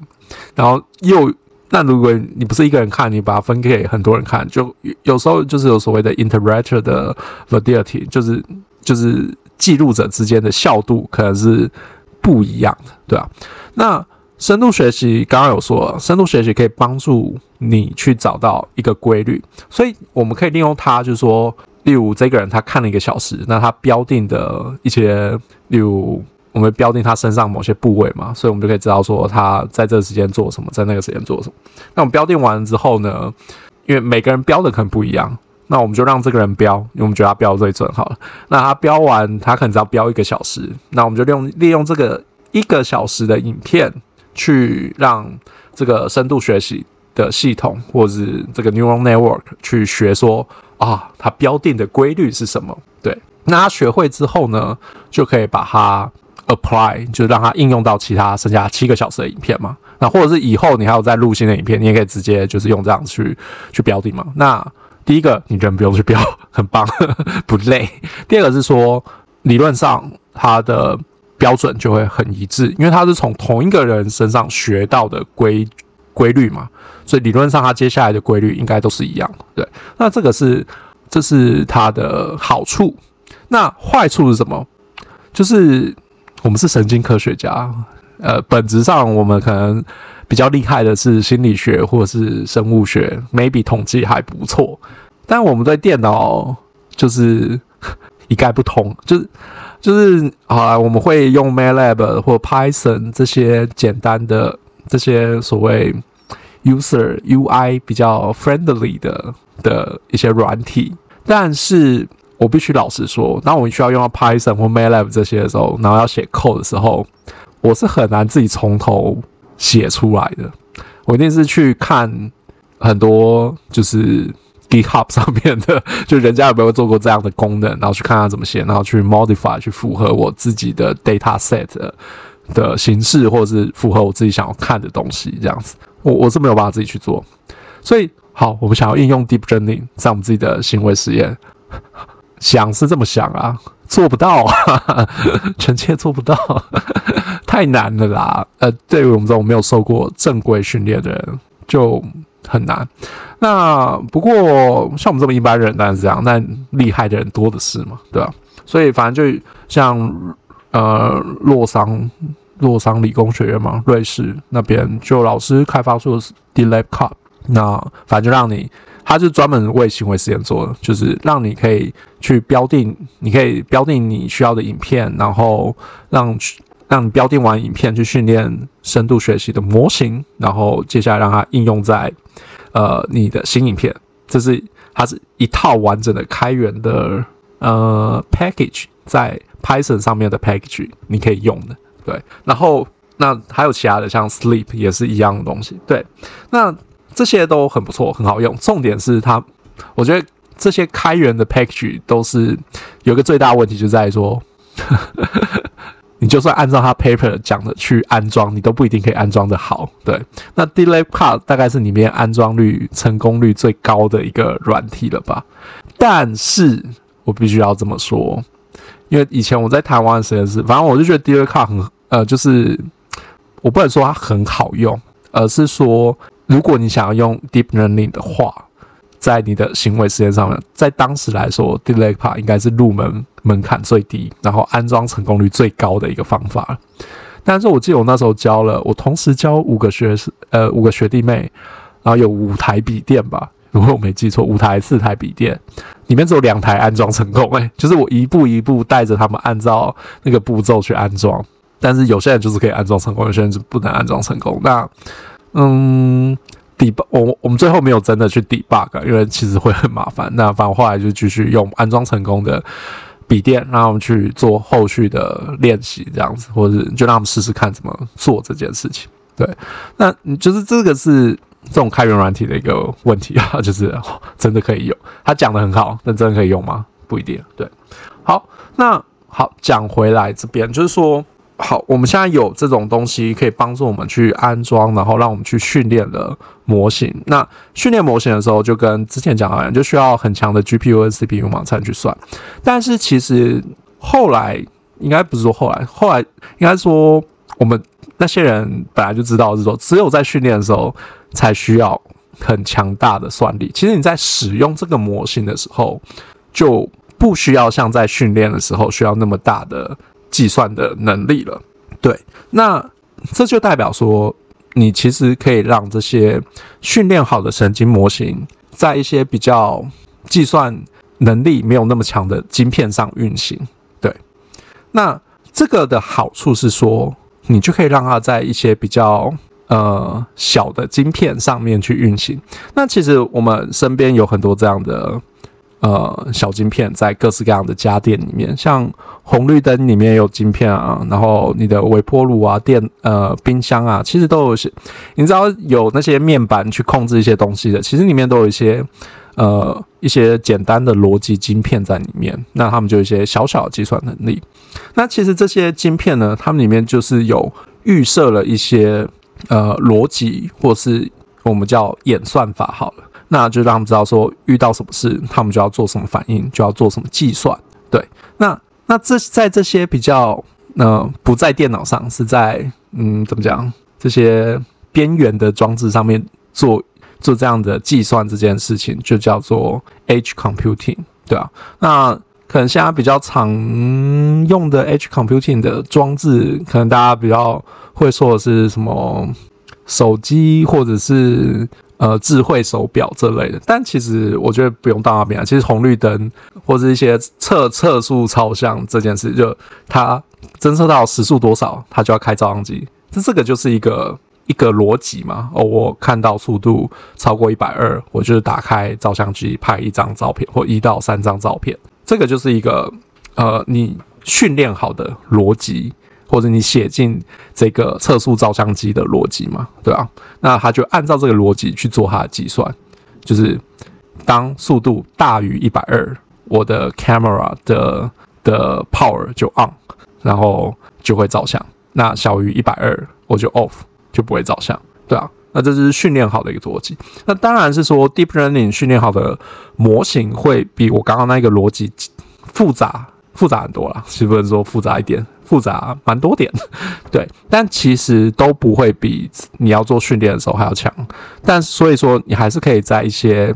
A: 然後又，那如果你不是一個人看，你把它分給很多人看，就有時候就是有所謂的 inter-rater 的 validity，就是就是記錄者之間的效度可能是不一樣的，對吧、啊？那。深度學習剛剛有說，深度學習可以幫助你去找到一個規律，所以我們可以利用它，就是說，例如這個人他看了一個小時，那他標定的一些，例如我們標定他身上某些部位嘛，所以我們就可以知道說他在這個時間做什麼，在那個時間做什麼。那我們標定完了之後呢，因為每個人標的可能不一樣，那我們就讓這個人標，因為我們覺得他標的最準好了。那他標完，他可能只要標一個小時，那我們就利用利用這個一個小時的影片。去讓這個深度學習的系統，或者是這個 neural network 去學說啊，它標定的規律是什麼？對，那它學會之後呢，就可以把它 apply，就是讓它應用到其他剩下七個小時的影片嘛。那或者是以後你還有再錄新的影片，你也可以直接就是用這樣去去標定嘛。那第一個你覺得不用去標，很棒， 不累。第二個是說，理論上它的。標準就會很一致，因為它是從同一個人身上學到的規規律嘛，所以理論上它接下來的規律應該都是一樣。對，那這個是這是它的好處。那壞處是什麼？就是我們是神經科學家，呃，本質上我們可能比較厲害的是心理學或者是生物學，每 a 統計還不錯，但我們對電腦就是一概不通，就是。就是好啊，我們會用 MATLAB 或 Python 這些簡單的、這些所謂 user UI 比較 friendly 的的一些軟體。但是我必須老實說，當我需要用到 Python 或 MATLAB 這些的時候，然後要寫 code 的時候，我是很難自己從頭寫出來的。我一定是去看很多，就是。GitHub 上面的，就人家有沒有做過這樣的功能，然後去看看怎麼寫，然後去 modify 去符合我自己的 dataset 的形式，或者是符合我自己想要看的東西，這樣子，我我是沒有辦法自己去做。所以，好，我們想要應用 Deep Learning 在我們自己的行為實驗，想是這麼想啊，做不到啊，臣妾做不到，太難了啦。呃，對於我們這種沒有受過正規訓練的人，就。很難，那不過像我們這麼一般人當然是這樣，但厲害的人多的是嘛，對吧？所以反正就像呃洛桑洛桑理工學院嘛，瑞士那邊就老師開發出的是 DeepLabCut，那反正就讓你，他是專門為行為實驗做的，就是讓你可以去標定，你可以標定你需要的影片，然後讓。讓你標定完影片去訓練深度學習的模型，然後接下來讓它應用在，呃，你的新影片。這是它是一套完整的開源的呃 package，在 Python 上面的 package 你可以用的。對，然後那還有其他的像 Sleep 也是一樣的東西。對，那這些都很不錯，很好用。重點是它，我覺得這些開源的 package 都是有個最大問題，就在於說。 你就算按照他 paper 講的去安裝，你都不一定可以安裝的好。對，那 DeepLabCut 大概是裡面安裝率成功率最高的一個軟體了吧？但是我必須要這麼說，因為以前我在台灣實驗室，反正我就覺得 DeepLabCut 很，呃，就是我不能說它很好用，而、呃、是說如果你想要用 Deep Learning 的話。在你的行為實驗上面，在當時來說 Delphi 應該是入門門檻最低，然後安裝成功率最高的一個方法。但是，我記得我那時候教了我同時教五個學士，呃，五個學弟妹，然後有五台筆電吧，如果我沒記錯，五台四台筆電裡面只有兩台安裝成功、欸，哎，就是我一步一步帶着他們按照那個步驟去安裝，但是有些人就是可以安裝成功，有些人就不能安裝成功。那，嗯。底我我們最後沒有真的去 debug，因為其實會很麻煩。那反正後來就繼續用安裝成功的筆電，讓我們去做後續的練習，這樣子，或者是就讓我們試試看怎麼做這件事情。對，那你就是這個是這種開源軟體的一個問題啊，就是、哦、真的可以用？他講得很好，但真的可以用嗎？不一定。對，好，那好講回來這邊，就是說。好，我們現在有這種東西可以幫助我們去安裝，然後讓我們去訓練的模型。那訓練模型的時候，就跟之前講的一樣，就需要很強的 GPU 和 CPU 嘛才能去算。但是其實後來應該不是說後來，後來應該說我們那些人本來就知道的是說，只有在訓練的時候才需要很強大的算力。其實你在使用這個模型的時候，就不需要像在訓練的時候需要那麼大的。計算的能力了，對，那這就代表說，你其實可以讓這些訓練好的神經模型在一些比較計算能力沒有那麼強的晶片上運行。對，那這個的好處是說，你就可以讓它在一些比較呃小的晶片上面去運行。那其實我們身邊有很多這樣的。呃，小晶片在各式各樣的家電裡面，像紅綠燈裡面有晶片啊，然後你的微波爐啊、電呃冰箱啊，其實都有一些，你知道有那些面板去控制一些東西的，其實裡面都有一些呃一些簡單的邏輯晶片在裡面，那他們就有一些小小的計算能力。那其實這些晶片呢，他們裡面就是有預設了一些呃邏輯，或是我們叫演算法好了。那就讓他們知道，說遇到什麼事，他們就要做什麼反應，就要做什麼計算。對，那那這在這些比較，呃，不在電腦上，是在嗯，怎麼講？這些邊緣的裝置上面做做這樣的計算這件事情，就叫做 edge computing。對啊，那可能現在比較常用的 edge computing 的裝置，可能大家比較會說的是什麼手機，或者是。呃，智慧手錶這類的，但其實我覺得不用到那邊啊。其實紅綠燈或者一些測測速照相這件事，就它偵測到時速多少，它就要開照相機。這這個就是一個一個邏輯嘛。哦、呃，我看到速度超過一百二，我就是打開照相機拍一張照片或一到三張照片。這個就是一個呃，你訓練好的邏輯。或者你寫進這個測速照相機的邏輯嘛，對吧？那他就按照這個邏輯去做他的計算，就是當速度大於一百二，我的 camera 的的 power 就 on，然後就會照相；那小於一百二，我就 off，就不會照相，對啊，那這是訓練好的一個邏輯。那當然是說 deep learning 訓練好的模型會比我剛剛那個邏輯複雜。複雜很多啦，是不是說複雜一點？複雜蠻多點，對。但其實都不會比你要做訓練的時候還要強。但所以說，你還是可以在一些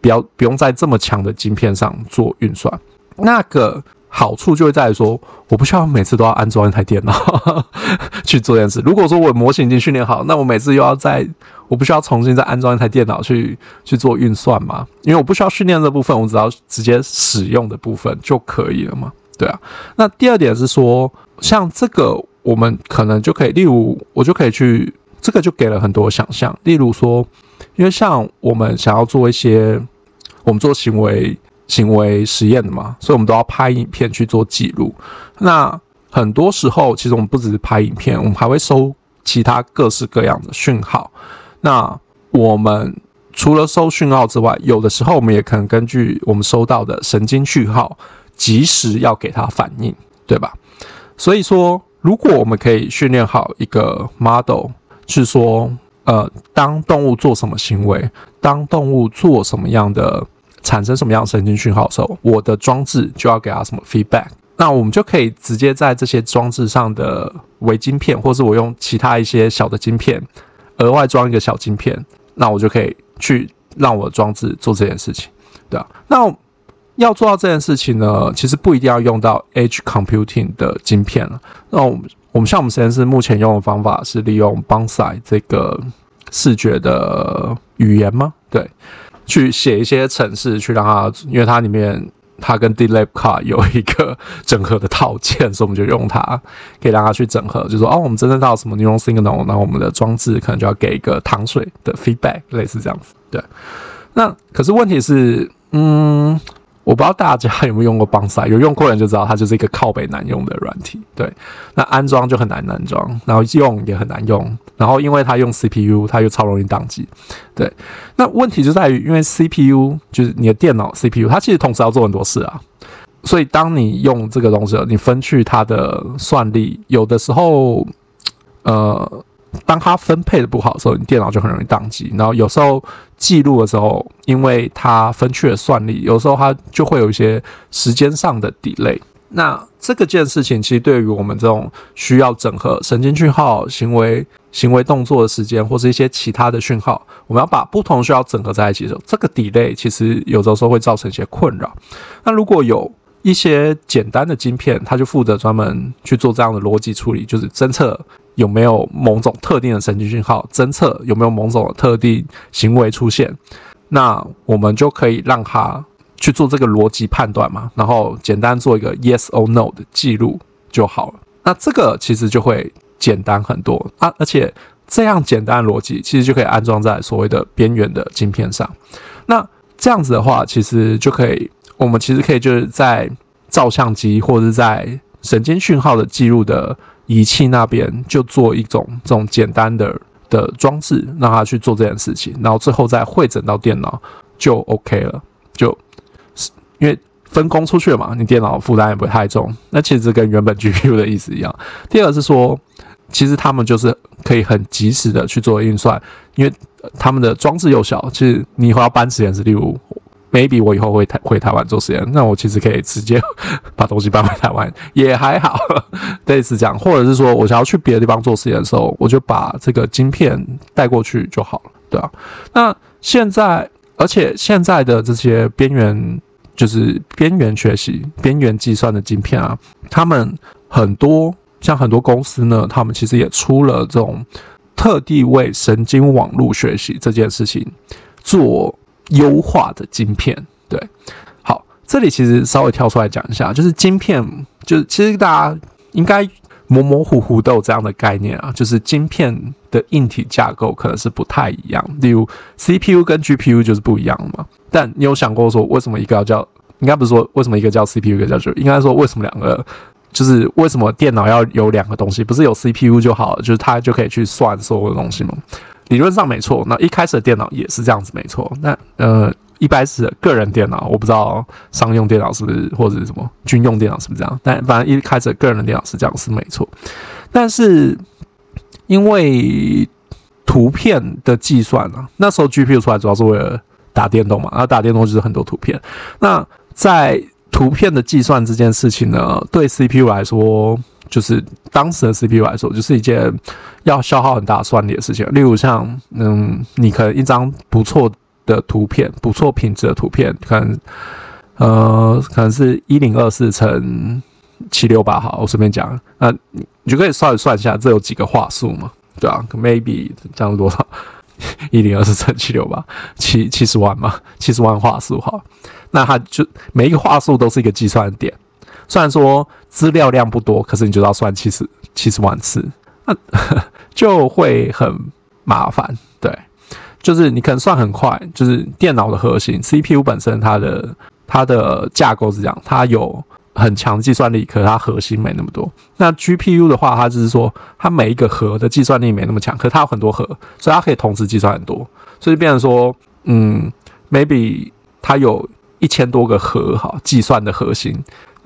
A: 比較不用在這麼強的晶片上做運算，那個。好處就會在於說，我不需要每次都要安裝一台電腦 去做這件事。如果說我的模型已經訓練好，那我每次又要在，我不需要重新再安裝一台電腦去去做運算嘛，因為我不需要訓練這部分，我只要直接使用的部分就可以了嘛。對啊。那第二點是說，像這個我們可能就可以，例如我就可以去，這個就給了很多想象。例如說，因為像我們想要做一些，我們做行為。行為實驗的嘛，所以我們都要拍影片去做記錄。那很多時候，其實我們不只是拍影片，我們還會收其他各式各樣的訊號。那我們除了收訊號之外，有的時候我們也可能根據我們收到的神經訊號，即時要給它反應，對吧？所以說，如果我們可以訓練好一個 model，是說，呃，當動物做什麼行為，當動物做什麼樣的。產生什麼樣的神經訊號的時候，我的裝置就要給它什麼 feedback。那我們就可以直接在這些裝置上的微晶片，或是我用其他一些小的晶片，額外裝一個小晶片，那我就可以去讓我的裝置做這件事情，對啊。那要做到這件事情呢，其實不一定要用到 edge computing 的晶片了。那我們我們像我們實驗室目前用的方法是利用 Bonsai 這個視覺的語言嗎？對。去寫一些程式，去讓它，因為它裡面它跟 DLab Card 有一個整合的套件，所以我們就用它，可以讓它去整合。就說哦，我們真正到什麼 neuron signal，然後我們的裝置可能就要給一個糖水的 feedback，類似這樣子。對，那可是問題是，嗯。我不知道大家有沒有用過棒賽，有用過的人就知道，它就是一個靠北難用的軟體。對，那安裝就很難安裝，然後用也很難用，然後因為它用 CPU，它又超容易宕機。對，那問題就在於，因為 CPU 就是你的電腦 CPU，它其實同時要做很多事啊，所以當你用這個東西，你分去它的算力，有的時候，呃。當它分配的不好的時候，你電腦就很容易宕機。然後有時候記錄的時候，因為它分去了算力，有時候它就會有一些時間上的 delay。那這個件事情，其實對於我們這種需要整合神經訊號、行為、行為動作的時間，或是一些其他的訊號，我們要把不同需要整合在一起的時候，這個 delay 其實有的時候會造成一些困擾。那如果有一些簡單的晶片，它就負責專門去做這樣的邏輯處理，就是偵測。有沒有某種特定的神經訊號偵測？有沒有某種特定行為出現？那我們就可以讓它去做這個邏輯判斷嘛，然後簡單做一個 yes or no 的記錄就好了。那這個其實就會簡單很多啊！而且這樣簡單的邏輯其實就可以安裝在所謂的邊緣的晶片上。那這樣子的話，其實就可以，我們其實可以就是在照相機或是在神經訊號的記錄的。儀器那邊就做一種這種簡單的的裝置，讓他去做這件事情，然後最後再彙整到電腦就 OK 了。就是因為分工出去嘛，你電腦負擔也不會太重。那其實跟原本 GPU 的意思一樣。第二個是說，其實他們就是可以很即時的去做運算，因為他們的裝置又小。其實你以後要搬實驗室，例如。maybe 我以後會台回台灣做實驗，那我其實可以直接把東西搬回台灣，也還好，類似這樣。或者是說，我想要去別的地方做實驗的時候，我就把這個晶片帶過去就好了，對啊？那現在，而且現在的這些邊緣，就是邊緣學習、邊緣計算的晶片啊，他們很多像很多公司呢，他們其實也出了這種特地為神經網絡學習這件事情做。優化的晶片，對，好，這裡其實稍微跳出來講一下，就是晶片，就是其實大家應該模模糊糊都有這樣的概念啊，就是晶片的硬體架構可能是不太一樣，例如 CPU 跟 GPU 就是不一樣嘛。但你有想過說，為什麼一個要叫應該不是說為什麼一個叫 CPU，一個叫 GPU？應該說為什麼兩個，就是為什麼電腦要有兩個東西？不是有 CPU 就好了，就是它就可以去算所有的東西嗎？理論上沒錯，那一開始的電腦也是這樣子沒，沒錯。那呃，一開始的個人電腦，我不知道商用電腦是不是或者是什麼軍用電腦是不是這樣，但反正一開始的個人的電腦是這樣子是沒錯。但是因為圖片的計算啊,那時候 GPU 出來主要是為了打電動嘛，而、啊、打電動就是很多圖片。那在圖片的計算這件事情呢，對 CPU 來說。就是當時的 CPU 來說，就是一件要消耗很大的算力的事情。例如像，嗯，你可能一張不錯的圖片，不錯品質的圖片，可能，呃，可能是一零二四乘七六八，好，我隨便講，那你就可以算一算一下，這有幾個畫素嘛？對啊，可 maybe 這樣是多少？一零二四乘七六八，七七十萬嘛，七十萬畫素哈。那它就每一個畫素都是一個計算點，雖然說。資料量不多，可是你就知道要算七十七十萬次，那就會很麻煩。對，就是你可能算很快，就是電腦的核心 C P U 本身它的它的架構是這樣，它有很強的計算力，可是它核心沒那麼多。那 G P U 的話，它就是說它每一個核的計算力沒那麼強，可是它有很多核，所以它可以同時計算很多。所以變成說，嗯，maybe 它有一千多個核哈，計算的核心。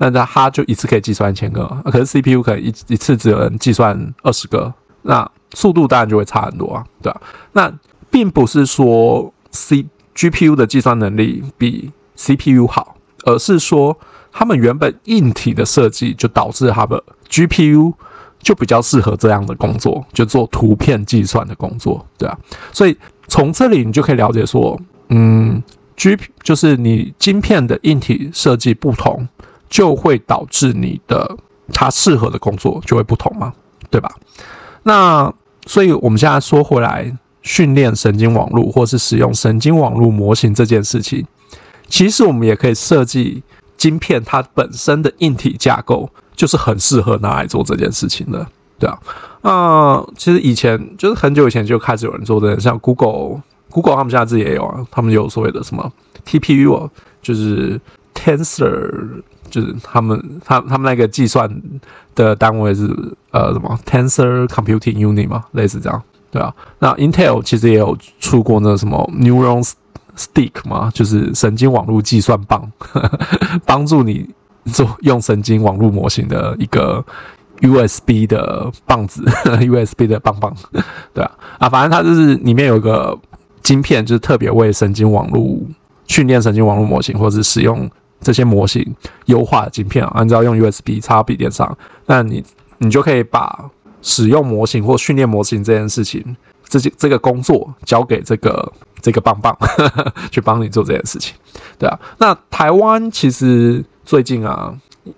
A: 那它就一次可以計算一千個，啊，可是 C P U 可以一一次只能計算二十個，那速度當然就會差很多啊，對啊。那並不是說 C G P U 的計算能力比 C P U 好，而是說他們原本硬體的設計就導致他們 G P U 就比較適合這樣的工作，就做圖片計算的工作，對啊。所以從這裡你就可以了解說，嗯，G P 就是你晶片的硬體設計不同。就會導致你的它適合的工作就會不同嘛，對吧？那所以我們現在說回來，訓練神經網絡或是使用神經網絡模型這件事情，其實我們也可以設計晶片它本身的硬體架構，就是很適合拿來做這件事情的，對啊。啊，其實以前就是很久以前就開始有人做這件，像 Google，Google 他們現在自己也有啊，他們有所謂的什麼 TPU 啊，就是。Tensor 就是他們他他們那個計算的單位是呃什麼 Tensor Computing Unit 嘛，類似這樣，對啊。那 Intel 其實也有出過那什麼 Neuron Stick 嘛，就是神經網絡計算棒，幫 助你做用神經網絡模型的一個 USB 的棒子 ，USB 的棒棒，對啊。啊，反正它就是裡面有個晶片，就是特別為神經網絡訓練神經網絡模型或者使用。這些模型優化的晶片啊，按照用 USB 插筆電上，那你你就可以把使用模型或訓練模型這件事情，這些這個工作交給這個這個棒棒呵呵去幫你做這件事情，對啊。那台灣其實最近啊，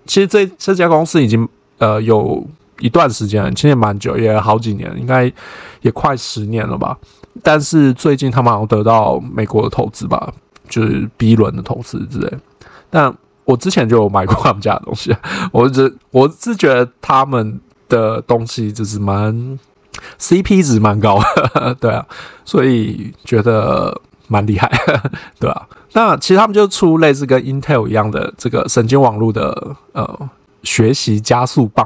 A: 其實這這家公司已經呃有一段時間了，其實也蠻久，也好幾年，應該也快十年了吧。但是最近他們好像得到美國的投資吧，就是 B 輪的投資之類的。那我之前就有買過他們家的東西，我覺我是覺得他們的東西就是蠻 CP 值蠻高的呵呵，對啊，所以覺得蠻厲害，對啊。那其實他們就出類似跟 Intel 一樣的這個神經網絡的呃學習加速棒，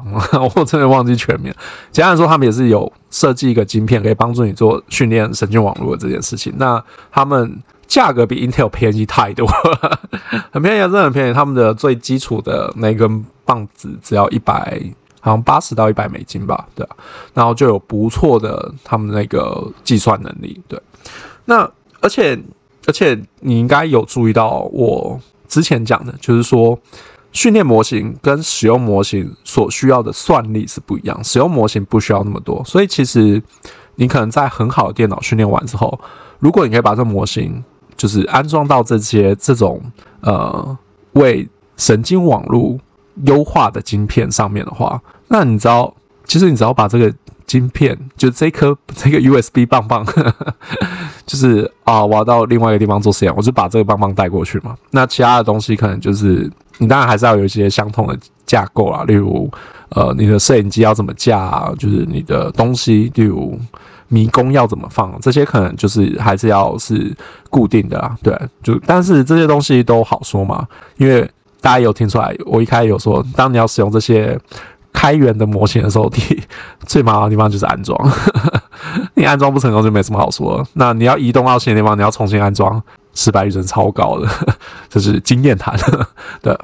A: 我真的忘記全名。簡單來說，他們也是有設計一個晶片，可以幫助你做訓練神經網絡的這件事情。那他們。價格比 Intel 便宜太多。 很便宜啊，真的很便宜。他們的最基礎的那根棒子只要一百，好像八十到一百美金吧，對。然後就有不錯的他們那個計算能力，對。那而且而且你應該有注意到我之前講的，就是說訓練模型跟使用模型所需要的算力是不一樣，使用模型不需要那麼多，所以其實你可能在很好的電腦訓練完之後，如果你可以把這模型。就是安裝到這些這種呃為神經網絡優化的晶片上面的話，那你知道，其實你只要把這個晶片，就是這顆這個 USB 棒棒，呵呵就是啊，我要到另外一個地方做實驗，我就把這個棒棒帶過去嘛。那其他的東西可能就是，你當然還是要有一些相同的架構啦，例如呃，你的攝影機要怎麼架啊，就是你的東西，例如。迷宮要怎麼放？這些可能就是還是要是固定的啦。對，就，但是這些東西都好說嘛，因為大家也有聽出來，我一開始有說，當你要使用這些開源的模型的時候，第最麻煩的地方就是安裝呵呵。你安裝不成功就沒什麼好說。那你要移動到新的地方，你要重新安裝，失敗率真的超高的，這，就是經驗談。對，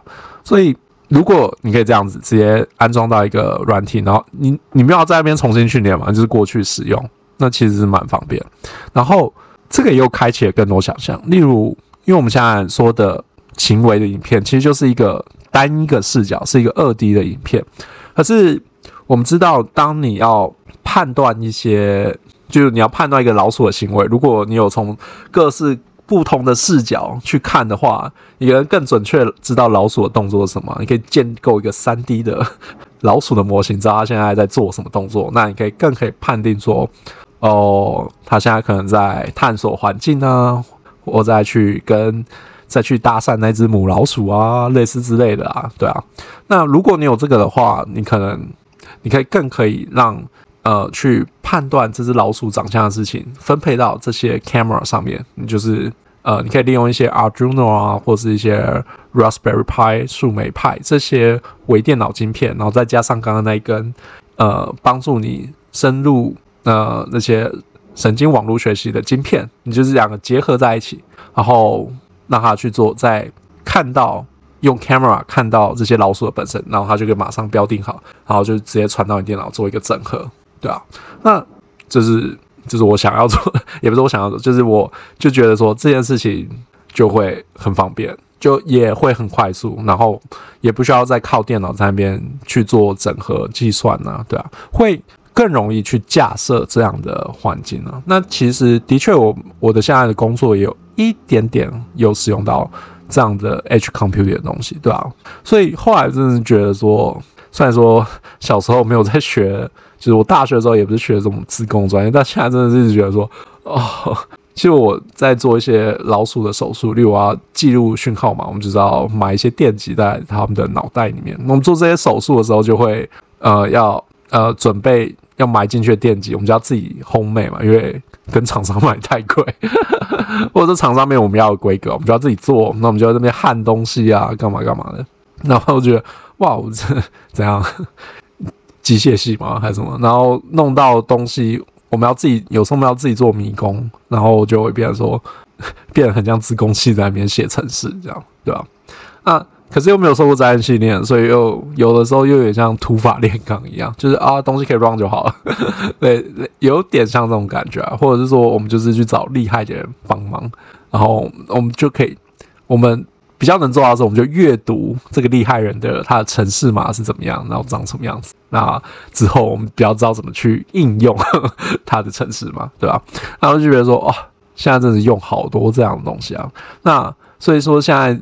A: 所以如果你可以這樣子直接安裝到一個軟體，然後你你沒有在那邊重新訓練嘛，就是過去使用。那其實是蠻方便，然後這個也又開啟了更多想象。例如，因為我們現在說的行為的影片，其實就是一個單一個視角，是一個二 D 的影片。可是我們知道，當你要判斷一些，就是你要判斷一個老鼠的行為，如果你有從各式不同的視角去看的話，你能更準確知道老鼠的動作是什麼。你可以建構一個三 D 的老鼠的模型，知道它現在在做什麼動作，那你可以更可以判定說。哦，他現在可能在探索環境呢、啊，或再去跟再去搭訕那只母老鼠啊，類似之類的啊，對啊。那如果你有這個的話，你可能你可以更可以讓呃去判斷這只老鼠長相的事情分配到這些 camera 上面，你就是呃你可以利用一些 Arduino 啊，或是一些 Raspberry Pi 樹莓派這些微電腦晶片，然後再加上剛剛那一根呃幫助你深入。那、呃、那些神經網絡學習的晶片，你就是兩個結合在一起，然後讓它去做，在看到用 camera 看到這些老鼠的本身，然後它就可以馬上標定好，然後就直接傳到你電腦做一個整合，對啊，那就是就是我想要做，也不是我想要做，就是我就覺得說這件事情就會很方便，就也會很快速，然後也不需要再靠電腦在那邊去做整合計算呢、啊，對啊，會。更容易去架設這樣的環境呢？那其實的確，我我的現在的工作也有一點點有使用到這樣的 Edge Computing 的東西，對吧、啊？所以後來真的是覺得說，雖然說小時候沒有在學，其、就、實、是、我大學的時候也不是學這種理工專業，但現在真的是覺得說，哦，其實我在做一些老鼠的手術，例如我要記錄訊號嘛，我們就是要買一些電極在他們的腦袋裡面。我們做這些手術的時候，就會呃要。呃，準備要埋進去的電極，我們就要自己烘焙嘛，因為跟廠商買太貴。 或者廠商沒有我們要的規格，我們就要自己做。那我們就在那邊焊東西啊，幹嘛幹嘛的。然後我就覺得，哇，我這怎樣？機 械系嘛還是什麼？然後弄到東西，我們要自己，有時候我們要自己做迷宮。然後我就會變說，變得很像資工系，在那邊寫程式，這樣對吧、啊？那。可是又沒有受過災難訓練，所以又有的時候又有點像土法煉鋼一樣，就是啊，東西可以 run 就好了， 對，有點像這種感覺，啊，或者是說我們就是去找厲害的人幫忙，然後我們就可以，我們比較能做到的時候，我們就閱讀這個厲害人的他的程式碼，是怎麼樣，然後長什麼樣子，那之後我們比較知道怎麼去應用 他的程式碼，對吧？然後就覺得說，哇，哦，現在真是用好多這樣的東西啊，那所以說現在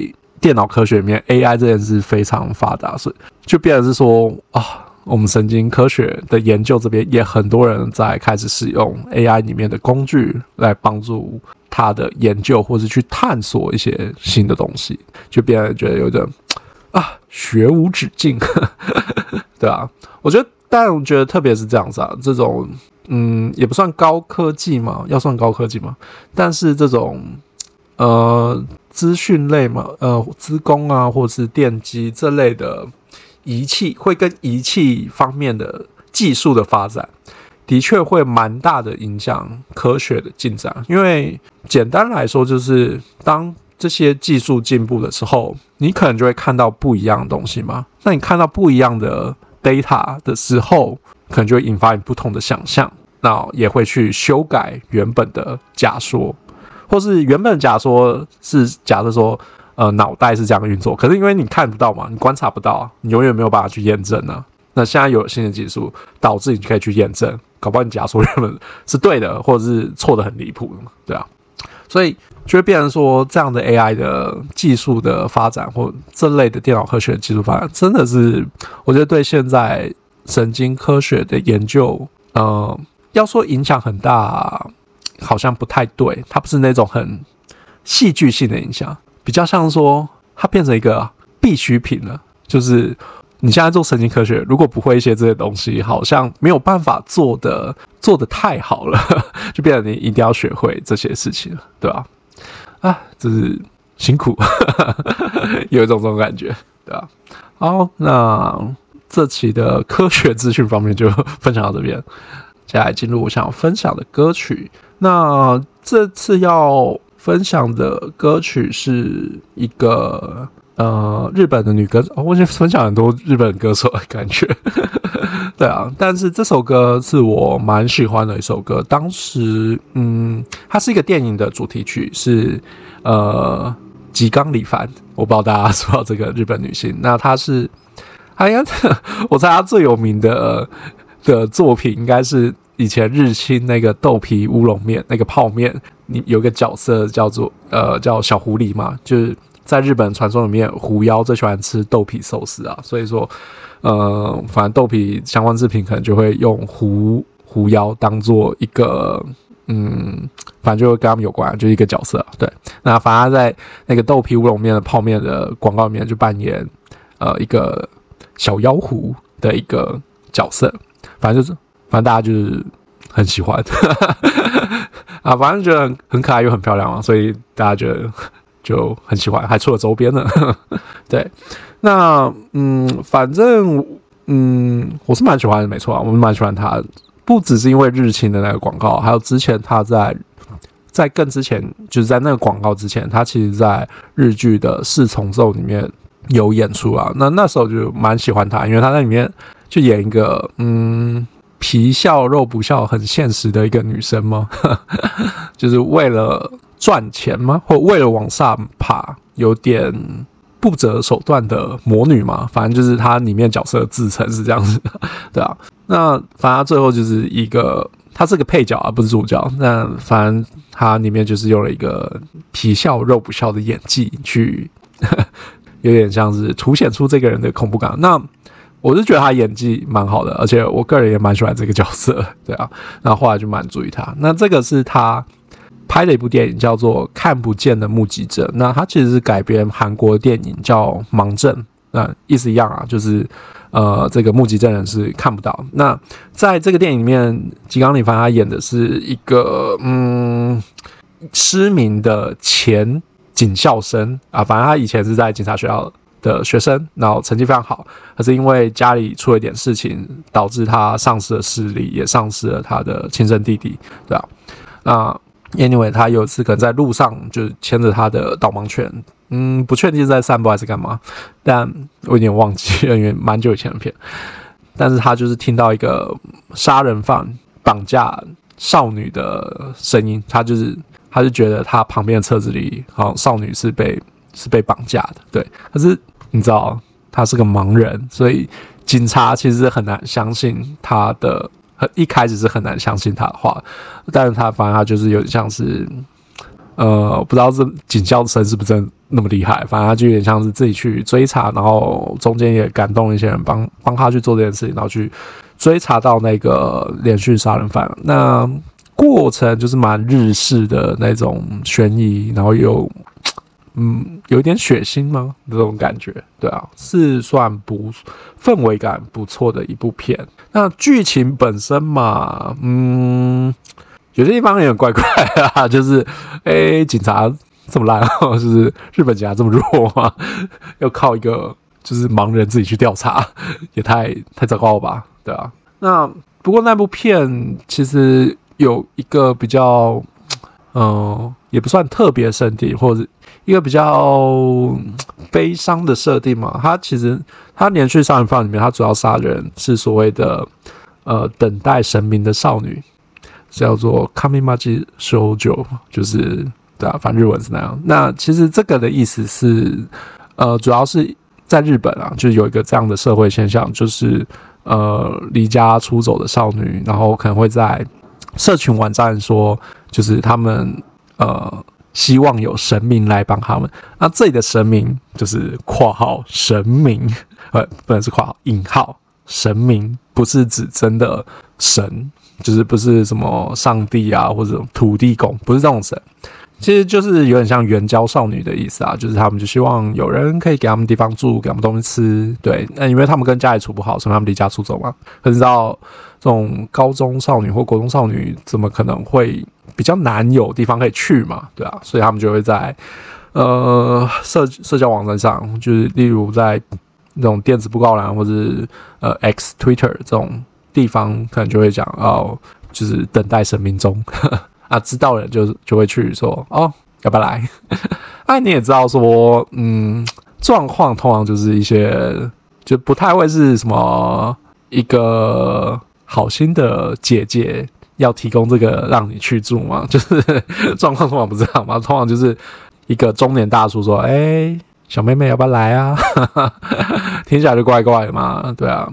A: 在。電腦科學裡面 AI 這件事非常發達，所以就變成是說啊，我們神經科學的研究這邊也很多人在開始使用 AI 裡面的工具來幫助他的研究或是去探索一些新的東西，就變得覺得有點啊，學無止境，呵呵對啊，我覺得，但我覺得特別是這樣子啊，這種嗯，也不算高科技嘛，要算高科技嘛，但是這種呃。資訊類嘛，呃，資工啊，或者是電機這類的儀器，會跟儀器方面的技術的發展，的確會蠻大的影響科學的進展。因為簡單來說，就是當這些技術進步的時候，你可能就會看到不一樣的東西嘛。那你看到不一樣的 data 的時候，可能就會引發你不同的想象，那也會去修改原本的假說。或是原本假說是假設說，呃，腦袋是這樣運作，可是因為你看不到嘛，你觀察不到啊，你永遠沒有辦法去驗證呢啊。那現在有新的技術，導致你可以去驗證，搞不好你假說原本是對的，或者是錯的很離譜的嘛，對啊。所以就會變成說，這樣的 AI 的技術的發展，或這類的電腦科學技術發展，真的是我覺得對現在神經科學的研究，呃，要說影響很大啊。好像不太對，它不是那種很戲劇性的影響，比較像說它變成一個必需品了。就是你現在做神經科學，如果不會一些這些東西，好像沒有辦法做得做得太好了， 就變成你一定要學會這些事情對吧、啊？啊，就是辛苦， 有一種這種感覺，對吧、啊？好，那這期的科學資訊方面就分享到這邊。接下來進入我想要分享的歌曲。那這次要分享的歌曲是一個呃日本的女歌手、哦，我已經分享很多日本歌手的感覺，呵呵對啊。但是這首歌是我蠻喜歡的一首歌。當時嗯，它是一個電影的主題曲，是呃吉岡里帆。我不知道大家知不知道這個日本女星。那她是，哎呀，我猜她最有名的。的作品應該是以前日清那個豆皮烏龍麵那個泡麵，你有個角色叫做呃叫小狐狸嘛，就是在日本傳說裡面，狐妖最喜歡吃豆皮壽司啊，所以說呃反正豆皮相關制品可能就會用狐狐妖當做一個嗯反正就會跟他們有關，就是一個角色，對，那反正在那個豆皮烏龍麵的泡麵的廣告裡面就扮演呃一個小妖狐的一個角色。反正就是，反正大家就是很喜歡呵呵啊，反正覺得很可愛又很漂亮嘛，所以大家覺得就很喜歡，還出了周邊呢呵呵。對，那嗯，反正嗯，我是蠻喜歡的，沒錯啊，我蠻喜歡他，不只是因為日清的那個廣告，還有之前他在在更之前，就是在那個廣告之前，他其實在日劇的《四重奏》裡面有演出啊，那那時候就蠻喜歡他，因為他那裡面。就演一個嗯，皮笑肉不笑，很現實的一個女生嗎？ 就是為了賺錢嗎？或為了往上爬，有點不擇手段的魔女嗎？反正就是她裡面角色的自成是這樣子，對啊。那反正最後就是一個，她是個配角而、啊、不是主角。那反正她裡面就是用了一個皮笑肉不笑的演技去， 有點像是凸顯出這個人的恐怖感。那。我是覺得他演技蠻好的，而且我個人也蠻喜歡這個角色，對啊。那後來就蠻注意他。那這個是他拍的一部電影，叫做《看不見的目擊者》。那他其實是改編韓國電影叫《盲證》。那意思一樣啊，就是呃，這個目擊證人是看不到。那在這個電影裡面，吉岡里帆他演的是一個嗯失明的前警校生啊，反正他以前是在警察學校的。的學生，然後成績非常好，可是因為家裡出了一點事情，導致他喪失了視力，也喪失了他的親生弟弟，對吧，啊？那 a n y w a y 他有一次可能在路上就牽着他的導盲犬，嗯，不確定是在散步還是幹嘛，但我有點忘記，因為蠻久以前的片。但是他就是聽到一個殺人犯綁架少女的聲音，他就是他就覺得他旁邊的車子裡，然後少女是被。是被綁架的，對。可是你知道，他是個盲人，所以警察其實是很難相信他的。一開始是很難相信他的話，但是他反正他就是有點像是，呃，不知道這警校生是不是真的那麼厲害。反正他就有點像是自己去追查，然後中間也感動一些人，幫幫他去做這件事情，然後去追查到那個連續殺人犯。那過程就是蠻日式的那種懸疑，然後又。嗯，有一點血腥嗎？這種感覺，對啊，是算不氛圍感不錯的一部片。那劇情本身嘛，嗯，有些地方也很怪怪啊，就是，哎，警察這麼爛，啊，就是日本警察這麼弱嗎？啊？要靠一個就是盲人自己去調查，也太太糟糕了吧？對啊。那不過那部片其實有一個比較，嗯，呃，也不算特別設定或者。一個比較悲傷的設定嘛，它其實它連續殺人犯裡面，它主要殺人是所謂的呃等待神明的少女，叫做 Kamimaji Shoujo，就是對啊，反正日文是那樣。那其實這個的意思是呃，主要是在日本啊，就是有一個這樣的社會現象，就是呃離家出走的少女，然後可能會在社群網站說，就是他們呃。希望有神明來幫他們。那這裡的神明就是括號神明，呃，不能是括號引號神明，不是指真的神，就是不是什麼上帝啊，或者土地公，不是這種神。其實就是有點像援交少女的意思啊，就是他們就希望有人可以給他們地方住，給他們東西吃，對，那因為他們跟家裡處不好，所以他們離家出走嘛。可是知道這種高中少女或國中少女，怎麼可能會比較難有地方可以去嘛？對啊，所以他們就會在呃社社交網站上，就是例如在那種電子布告欄或者呃 X Twitter 這種地方，可能就會講哦，就是等待神明中。呵呵啊，知道了，就是就會去說哦，要不要來？ 啊，你也知道說，嗯，狀況通常就是一些，就不太會是什麼一個好心的姐姐要提供這個讓你去住嘛，就是狀況通常不知道嘛，通常就是一個中年大叔說，哎、欸，小妹妹要不要來啊？ 聽起來就怪怪的嘛，對啊。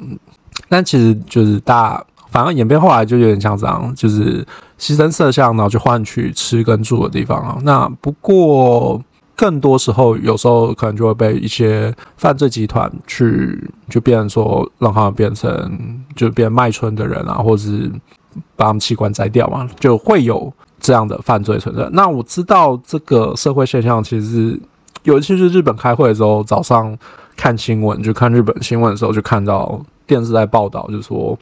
A: 但其實就是大，反而演變後來就有點像這樣，就是。犧牲色相，然後去換取吃跟住的地方啊。那不過更多時候，有時候可能就會被一些犯罪集團去，就變成說讓他們變成就變賣春的人啊，或者是把他們器官摘掉嘛，就會有這樣的犯罪存在。那我知道這個社會現象其實有一次是日本開會的時候，早上看新聞就看日本新聞的時候，就看到電視在報道，就說。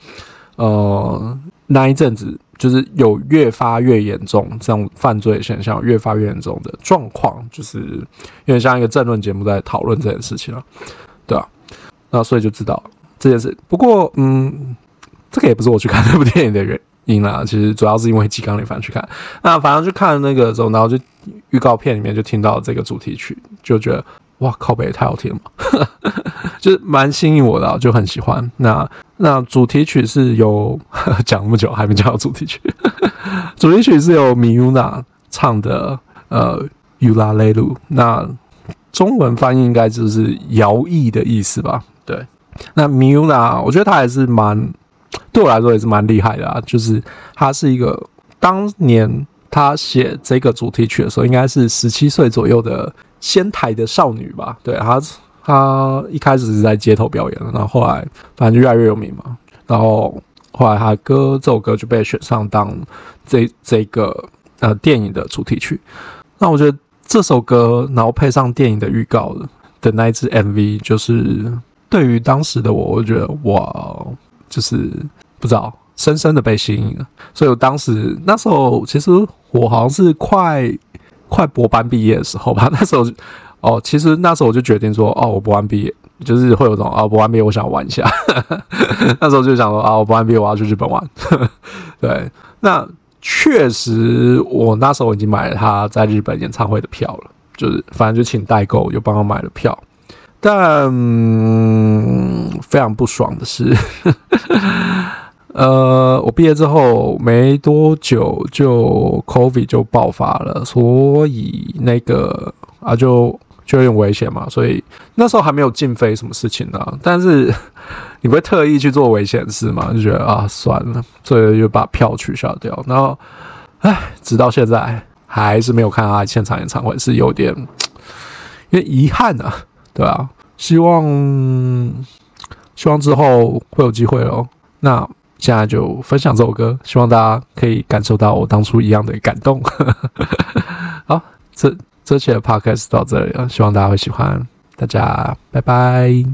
A: 呃，那一陣子就是有越發越嚴重這種犯罪現象越發越嚴重的狀況，就是有點像一個政論節目在討論這件事情了。啊，對啊，那所以就知道這件事。不過，嗯，這個也不是我去看那部電影的原因啦，其實主要是因為吉岡里帆去看，那反正就看那個時候，然後就預告片裡面就聽到這個主題曲，就覺得。哇靠背也太好聽了， 就是蠻吸引我的，啊，就很喜歡。那那主題曲是有講那麼久還沒講到主題曲， 主題曲是由 Miyuna 唱的，呃，Yurareru 那中文翻譯應該就是搖曳的意思吧？對。那 Miyuna，我覺得他還是蠻對我來說也是蠻厲害的啊，就是他是一個當年他寫這個主題曲的時候，應該是十七歲左右的。仙台的少女吧，對，她，她一開始是在街頭表演了，然後後來反正就越來越有名嘛。然後後來她歌這首歌就被選上當這這一個呃電影的主題曲。那我覺得這首歌，然後配上電影的預告的的那一支 MV，就是對於當時的我，我覺得哇，就是不知道，深深的被吸引了。所以我當時那時候，其實我好像是快。快博班畢業的時候吧，那時候就，哦，其實那時候我就決定說，哦，我博完畢業就是會有種啊，哦、博完畢業我想玩一下， 那時候就想說啊、哦，我博完畢業我要去日本玩， 對，那確實我那時候已經買了他在日本演唱會的票了，就是反正就請代購又幫我買了票，但、嗯、非常不爽的是。 呃，我畢業之後沒多久，就 COVID 就爆發了，所以那個啊就就有點危險嘛，所以那時候還沒有禁飛什麼事情呢、啊，但是你不會特意去做危險事嗎？就覺得啊算了，所以就把票取消掉。然後，唉，直到現在還是沒有看他現場演唱會，是有點因為遺憾啊，對吧、啊？希望希望之後會有機會哦，那。現在就分享這首歌，希望大家可以感受到我當初一樣的感動。 好，這這期的 podcast 到這裡了，希望大家會喜歡。大家，拜拜。